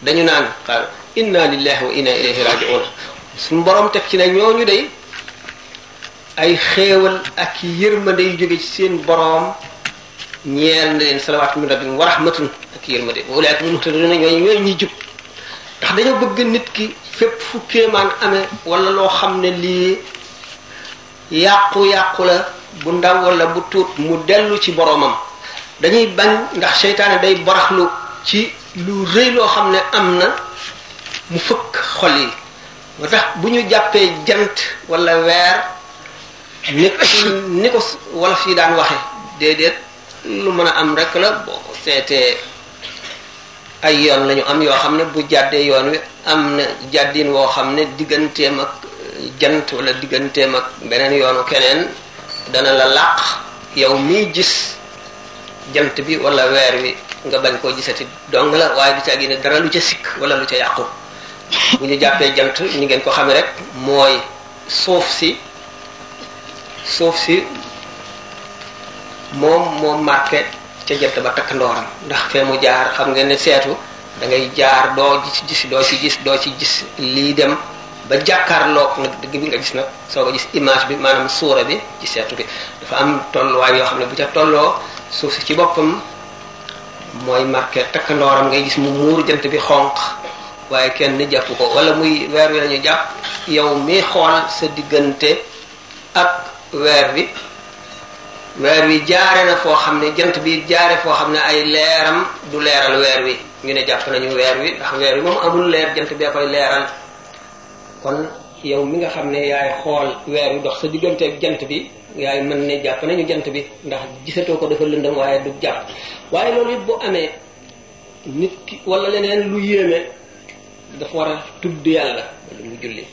dañu naan xaal inna lillahi wa inna ilayhi raji'un suñu borom teg ci na ñooñu day ay xéewal ak yërmande yu jóge ci seen borom ñeel na leen salawaatu min rabbihim wa rahmatun ak yërmande wa ulaa'ika humul muhtaduna ñooñu ñooy dañoo bëgg nit ki fépp fu kéemaan wala loo xam ne lii yàqu yàqula bu ndaw wala bu tuut mu dellu ci boromam dañuy bañ ndax seytaane day baraxlu ci lu rëy loo xam ne am na mu fëkk xol yi moo bu ñu jàppee jant wala weer ni ni ko wolof fii daan waxe déedéet lu mën a am rek la boo seetee ay yoon lañu am yoo xam ne bu jàddee yoon wi am na jàddin woo xam ne digganteem ak eh, jant wala digganteem ak beneen yoonu keneen dana la làq yow miy gis jant bi wala weer bi nga bañ koo gisati dong la waaye du ci àggi ne dara lu ci sikk wala lu ca yàqu bu ñu jàppee jant ñu ngeen ko xamee rek mooy suuf si suuf si moom moo marqué ca jant ba takk ndooram ndax fee mu jaar xam ngeen ne seetu dangay ngay jaar doo ci gis doo ci gis doo ci gis lii dem ba jàkkaarloog nag dëgg bi nga gis nag soo ko gis image bi maanaam suura bi ci seetu bi dafa am tolluwaay yoo xam ne bu ca tolloo suuf si ci boppam mooy marqué takkandooram ngay gis mu muur jant bi xonq waaye kenn jàpp ko wala muy weer wi lañu jàpp yow mi xool sa diggante ak weer bi weer wi jaare na foo xam ne jant bi jaare foo xam ne ay leeram du leeral weer wi ñu ne jàpp nañu weer wi ndax weer wi moom amul leer jant bee koy leeral kon yow mi nga xam ne yaay xool weer wi ndox sa diggante ak jant bi yaay mën ne jàpp nañu jant bi ndax gisatoo ko dafa lëndëm waaye du jàpp waaye loolu it bu amee nit ki wala leneen lu yéeme dafa war a tudd yàlla wala mu julli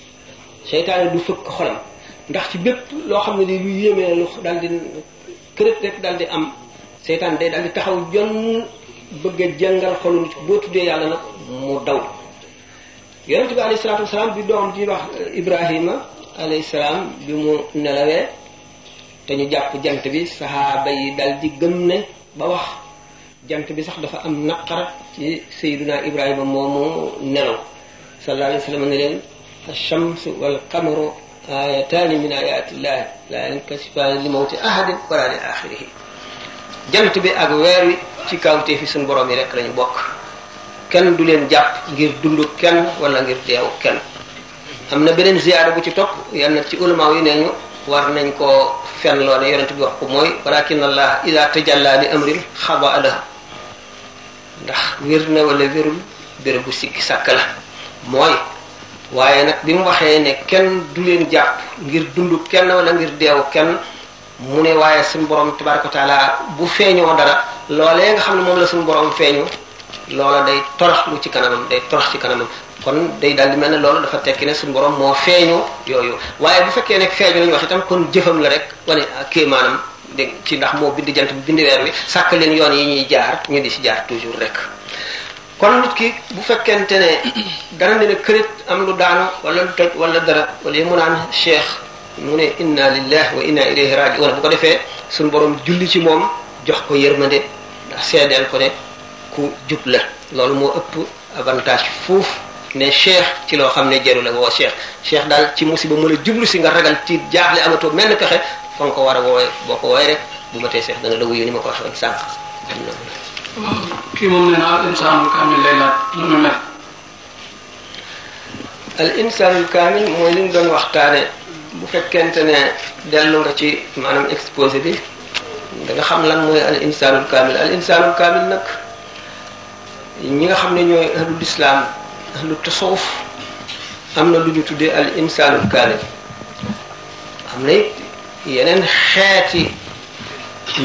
seytaane du fëkk xolam ndax ci bépp loo xam ne di lu yéeme lu dal di kërët rek daal di am seytaan day daal di taxaw jonn bëgg a jàngal xolu nit boo tuddee yàlla nag mu daw yonente bi alayhi salaatu wasalaam bi doom di wax ibrahima alayhi salaam bi mu nelawee te ñu jàpp jant bi saxaaba yi dal di gëm ne ba wax jant bi sax dafa am naqar ci sayduna ibrahima moomu nelaw sallallahu alayhi wa sallam ne leen alchamsu walqamaru ayataani min ayatillahi la yankasifani li mawti ahadin jant bi ak weer wi ci kawtee fi suñ borom yi rekk lañu bokk kenn du leen jàpp ngir dund kenn wala ngir deew kenn am na beneen ziyaara bu ci topp yenn ci ulama yi nee ñu war nañ ko fen loo ne yonent bi wax ko mooy walakin allah ida tajalla li amrin xaba la ndax wér na wala wérul béréb bu sikki sàkk la mooy waaye nag bi mu waxee ne kenn du leen jàpp ngir dund kenn wala ngir deew kenn mu ne waaye suñu borom tabaraka wa taala bu feeñoo dara loolee nga xam ne moom la suñu borom feeñu loola day torox lu ci kanamam day torox ci kanamam kon day daal di mel ne loolu dafa tekki ne suñu borom moo feeñoo yooyu waaye bu fekkee nekk feeñu lañu wax itam kon jëfam la rek wane kii maanaam de ci ndax moo bindi jant bi bindi weer wi sàkk leen yoon yi ñuy jaar ñu di si jaar toujours rek kon nit ki bu fekkente ne dara ne kërit am lu daanu wala lu toj wala dara wala mu naan cheikh mu ne inna lillahi wa inna ilayhi raji'un bu ko defee suñu borom julli ci moom jox ko yërmande ndax seedeel ko ne ku jub loolu moo ëpp avantage fuuf ne cheikh ci loo xam ne jaru la woo cheikh cheikh daal ci musiba mu la jublu si nga ragal tiit jaaxle amatoo menn pexe fa ko war a boo ko wooye rek bu ma tee cheikh dana ni ma ko waxee na al insaanul kaamil lay laaj al insaanul kaamil mooy li ñu doon waxtaane bu fekkente ne dellu nga ci maanaam exposé bi da xam lan mooy al insaanul kaamil al insaanul kaamil nag ñi nga xam ne ñooy ahlu islam. ahlu tasawuf am na lu ñu tuddee al insaanul kaamil am na it yeneen xeeti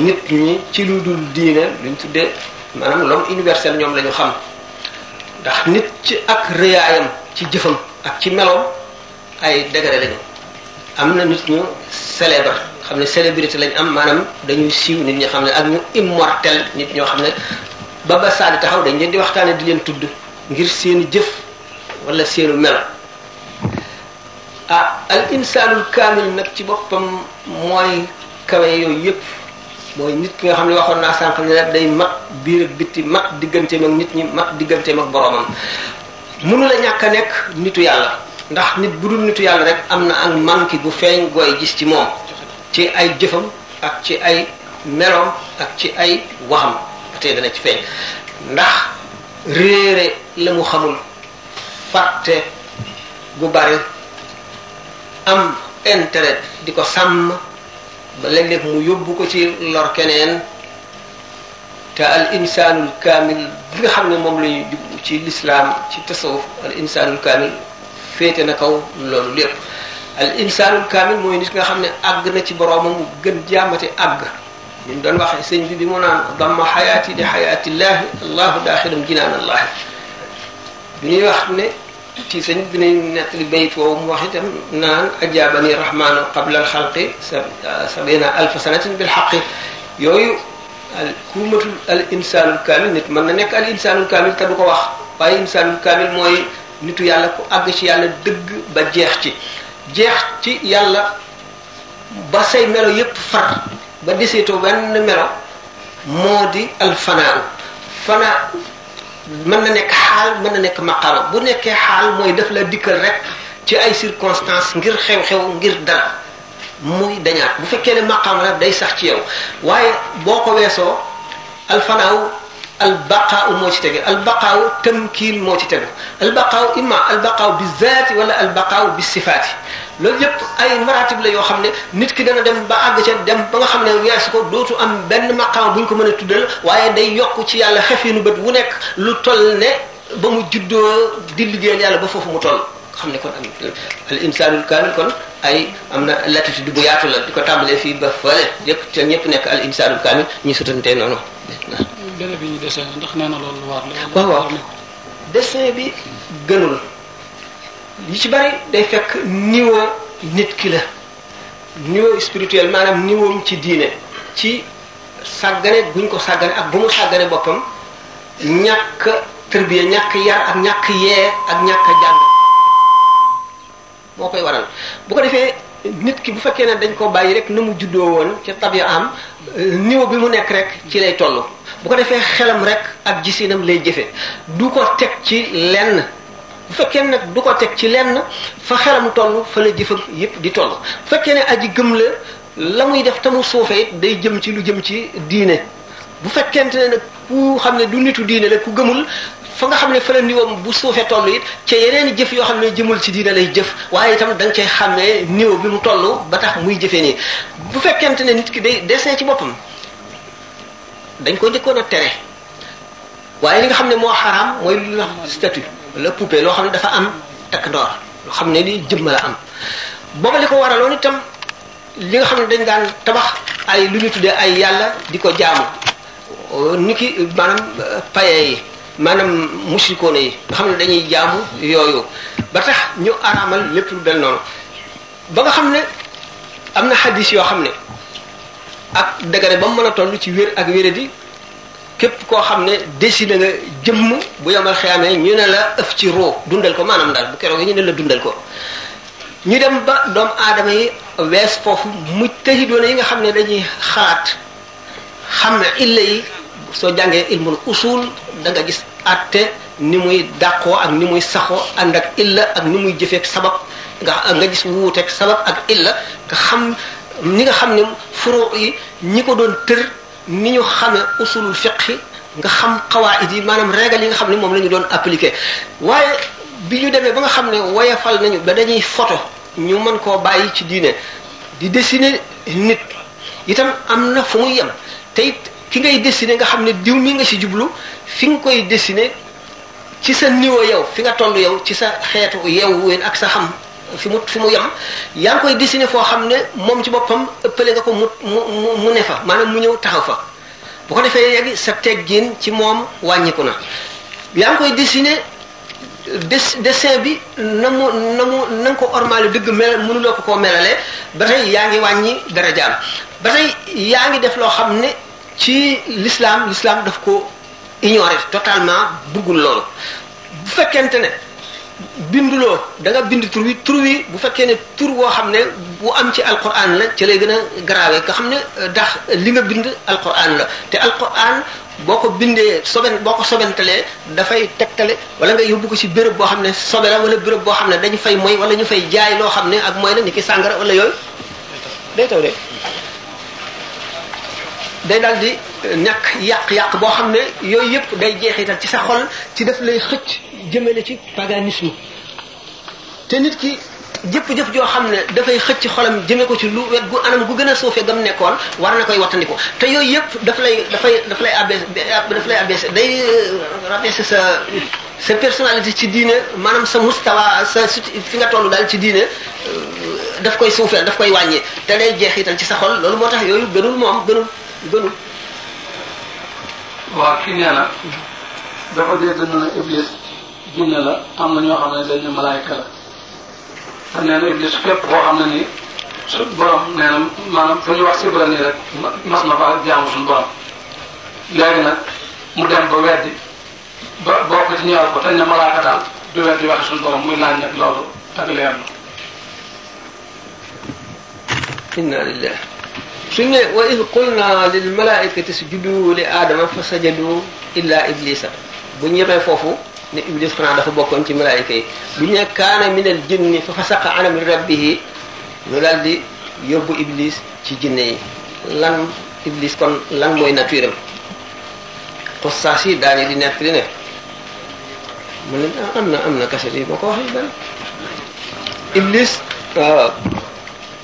nit ñi ci lu dul diine luñ tuddee maanaam l'homme universel ñoom la ñu xam ndax nit ci ak rëyaayam ci jëfam ak ci meloom ay degré lañu am na nit ñu célèbre xam ne célébrité lañ am maanaam dañuy siiw nit ñi xam ne ak ñu immortel nit ñoo xam ne ba ba taxaw dañ leen di waxtaane di leen tudd ngir seeni jëf walla seenu melo a ah, al insaanul kaamil nag ci boppam mooy kawe yooyu yëpp mooy nit ki nga xam ne waxoon naa sànq ne day mat biir ak bitti mag digganteem ak nit ñi mag digganteem ak boroomam mënu ñàkk a nekk nitu yàlla ndax nit bu dul nitu yàlla rek am na ak manque bu feeñ gooy gis ci moom ci ay jëfam ak ci ay meloom ak ci ay waxam te dana ci feeñ ndax réere la mu xamul fàtte bu bari am intérêt di ko sàmm ba léeg mu yóbbu ko ci lor keneen te al insaanul kaamil bi nga xam ne moom la ñu ci lislaam ci tasawuf al insaanul kaamil féete na kaw loolu lépp al insaanul kaamil mooy nit nga xam ne àgg na ci boroomam mu gën jaamate àgg li mu doon waxee sëñ bi bi mu naan damma xayaati di xayaatillahi allahu daaxilum jinaan allahi bi ñuy wax ne ci sëñ bi nañ nettali bayit woowu mu wax itam naan ajaabani rahmaanu qabla alxalqi sabina alfa sanatin bil xaqi yooyu al ku matul al insaanul kaamil nit mën na nekk al insaanul kaamil te du ko wax waaye insaanul kaamil mooy nitu yàlla ku àgg ci yàlla dëgg ba jeex ci jeex ci yàlla ba say melo yépp far ba disitu benn melo moo di alfanaan fanaa man na nekk xaal mën na nekk maqaama bu nekkee xaal mooy daf la dikkal rek ci ay circonstances ngir xew-xew ngir dara muy dañaat bu fekkee ne maqaama la day sax ci yow waaye boo ko weesoo alfanaaw albaqaaw moo ci tege albaqaaw tamkiin moo ci tegu albaqaaw imma albaqaaw bi zaati wala albaqaaw bi sifaati loolu yëpp ay maratib la yoo xam ne nit ki dana dem ba àgg ca dem ba nga xam ne weesu ko dootu am benn maqaam bu ñu ko mën a tuddal waaye day yokk ci yàlla xefinu bët wu nekk lu toll ne ba mu juddoo di liggéeyal yàlla ba foofu mu toll xam ne kon am al insaanul kaamil kon ay am na latitude bu yaatu la di ko tàmbalee fii ba fële yëpp te ñëpp nekk al insaanul kaamil ñu sutantee noonu. benn bi ñu dessin ndax nee na loolu war la. waaw waaw dessin bi gënul. li ci bari day fekk niveau nit ki la niveau spirituel maanaam niveau ci diine ci sàggane buñ ko sàggane ak bu mu sàggane boppam ñàkk tërbiya ñàkk yar ak ñàkk yee ak ñàkk jàng moo koy waral bu ko defee nit ki bu fekkee ne dañ koo bàyyi rek na mu juddoo woon ca tabia am niveau bi mu nekk rek ci lay toll bu ko defee xelam rek ak gisinam lay jëfe du ko teg ci lenn bu fekkee nag du ko teg ci lenn fa xelam toll fa la jëfam yépp di toll bu fekkee ne aji gëm la la muy def te mu suufee it day jëm ci lu jëm ci diine bu fekkente ne nag xam ne du nitu diine la ku gëmul fa nga xam ne fa la niwam bu suufee toll it ca yeneen jëf yoo xam ne jëmul ci diine lay jëf waaye itam da nga xam ne niw bi mu toll ba tax muy jëfee nii bu fekkent ne nit ki day dessin ci boppam dañ ko njëkkoon a tere waaye li nga xam ne moo xaraam mooy lu ñu wax la poupée loo xam ne dafa am takk ndoor loo xam ne ni jëmm la am booba li ko waraloon itam li nga xam ne dañ daan tabax ay lu ñu tuddee ay yàlla di ko jaamu euh, niki maanaam euh, paye yi maanaam musrikoone yi nga xam ne dañuy jaamu yooyu ba tax ñu araamal lépp lu del noonu ba nga xam ne am na xadis yoo xam ne ak dagare ba mu mën a toll ci wér ak wéradi képp koo xam ne décidé nga jëmm bu yomal xiyaamee ñu ne la ëf ci roo dundal ko maanaam daal bu keroog ñu ne la dundal ko ñu dem ba doomu aadama yi wees foofu mu tëji doona yi nga xam ne dañuy xalaat xam ne illa yi soo jàngee ilmul usul da nga gis àtte ni muy dàqoo ak ni muy saxoo ànd ak illa ak ni muy jëfeek sabab nga nga gis wuuteeg sabab ak illa nga xam ni nga xam ne furo yi ñi ko doon tër ni ñu xamee usulul fiqh nga xam xawaid yi maanaam régal yi nga xam ne moom la ñu doon appliqué waaye bi ñu demee ba nga xam ne woyafal nañu ba dañuy foto ñu mën koo bàyyi ci diine di dessiner nit itam am na fu muy yem te ki ngay dessiner nga xam ne diw mi nga ci jublu fi nga koy dessiner ci sa niveau yow fi nga toll yow ci sa xeetu yeewu ween ak sa xam fi mu fi mu yam yaa ngi koy dessiné foo xam ne moom ci boppam ëppale nga ko mu mu mu ne fa maanaam mu ñëw taxaw fa bu ko defee léegi sa teggin ci moom wàññiku na yaa ngi koy dessiné des dessin bi na mu na mu na nga ko ormaale dëgg melal mënuloo ko koo melale ba tey yaa ngi wàññi darajaam ba tey yaa ngi def loo xam ne ci lislaam lislaam daf ko ignorer totalement buggul loolu bu fekkent ne binduloo danga nga bind tur wi wi bu fekkee ne tur woo xam ne bu am ci alquran la ci lay gën a garaawee nga xam ne euh, dax li nga bind alquran la te alquran boo ko bindee soben boo ko sobentalee dafay tegtale wala nga yóbbu ko ci béréb boo xam ne sobe la wala bërëb boo xam ne dañu fay moy wala ñu fay jaay loo xam ne ak mooy la ni ki sàngara wala yooyu day day daal di euh, ñàkk yàq-yàq boo xam ne yooyu yëpp day jeexital ci sa xol ci daf lay xëcc jëmale ci paganisme te nit ki jëpp jëpp joo xam ne dafay xëcc xolam jëme ko ci lu wet gu anam gu gën a suufee gam nekkoon war na koy wattandiku te yooyu yëpp daf lay dafay daf lay abaisse daf lay abaisse day euh, rabaisse sa sa personnalité ci diine maanaam sa mustawa sa fi nga toll daal ci diine euh, daf koy suufeel daf koy wàññee te day jeexital ci sa xol loolu moo tax yooyu gënul moom gënul gënu waaw ki nee na iblis am na ñoo xam ne dañ ne malaayka la te na iblis képp boo xam ne ni su borom na maanaam fu ñu wax si borom na fa ak jaamu suñu borom léegi nag mu dem ba weddi ba bokk ci ñëwal ko te ne malaaka daal du weddi waxi suñu borom muy laaj nag loolu ak leer inna lillahi suñu ne wa id qulna lil malaikati sujudu li aadama fa sajadu illa iblisa bu ñu yemee foofu ne iblis xanaa dafa bokkoon ci malaayika yi bu ñu ne kaana min al jinni fa fasaqa an amri rabbihi lu daal di yóbbu iblis ci jinne yi lan iblis kon lan mooy nature am xusaas yi daañu di nekk li ne mu ne am na am na kase bi ma ko waxee bari iblis waaw euh,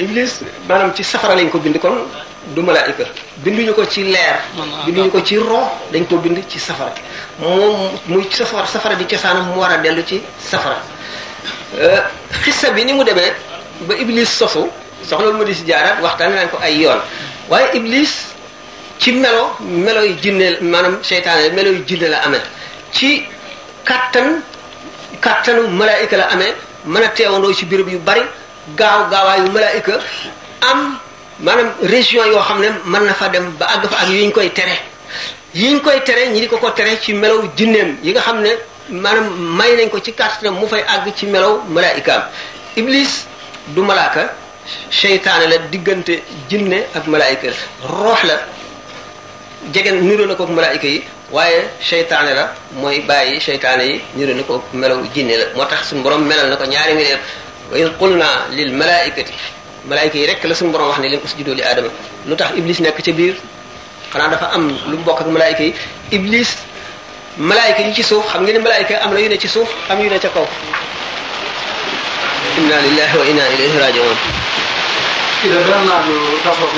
iblis maanaam ci safara lañ ko bind kon du malaayika binduñu ko ci leer binduñu ko ci roo dañ ko bind ci safara moom muy safara safara di cosaanam mu war a dellu ci safara euh, xissa bi ni mu demee ba iblis sosu soxloolu ma di si jaaraat waxtaan nañ ko ay yoon waaye iblis ci melo melo yu jinne maanaam seytaane melo yu jinne la amee ci kàttan kàttanu malaayika la amee mën a teewandoo ci béréb yu bari gaaw gaawaayu malaayika am maanaam région yoo xam ne mën na fa dem ba àgg fa ak yuñ koy tere yiñ koy tere ñi di ko ko tere ci melow jinneem yi nga xam ne maanaam may nañ ko ci kàttanam mu fay àgg ci melaw malaayikaam iblis du malaaka seytaane la diggante jinne ak malaayika roox la jege niroo na kook malaayika yi waaye seytaane la mooy bàyyi seytaane yi niroo na kook melaw jinne la moo tax suñu borom melal na ko ñaari mbir wa id qulna lil malaikati malaayka yi rek la suñu borom wax ne leen ko sujudoo li aadama lu tax iblis nekk ca biir xanaa dafa am lu mu bokk ak malaayka yi iblis malaayka yi ci suuf xam ngeen ne malaayka am na yu ne ci suuf am yu ne ca kaw inna lillahi wa inna ilayhi raji'un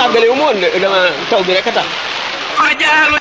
àggale wu ma woon dama taw bi rek a tax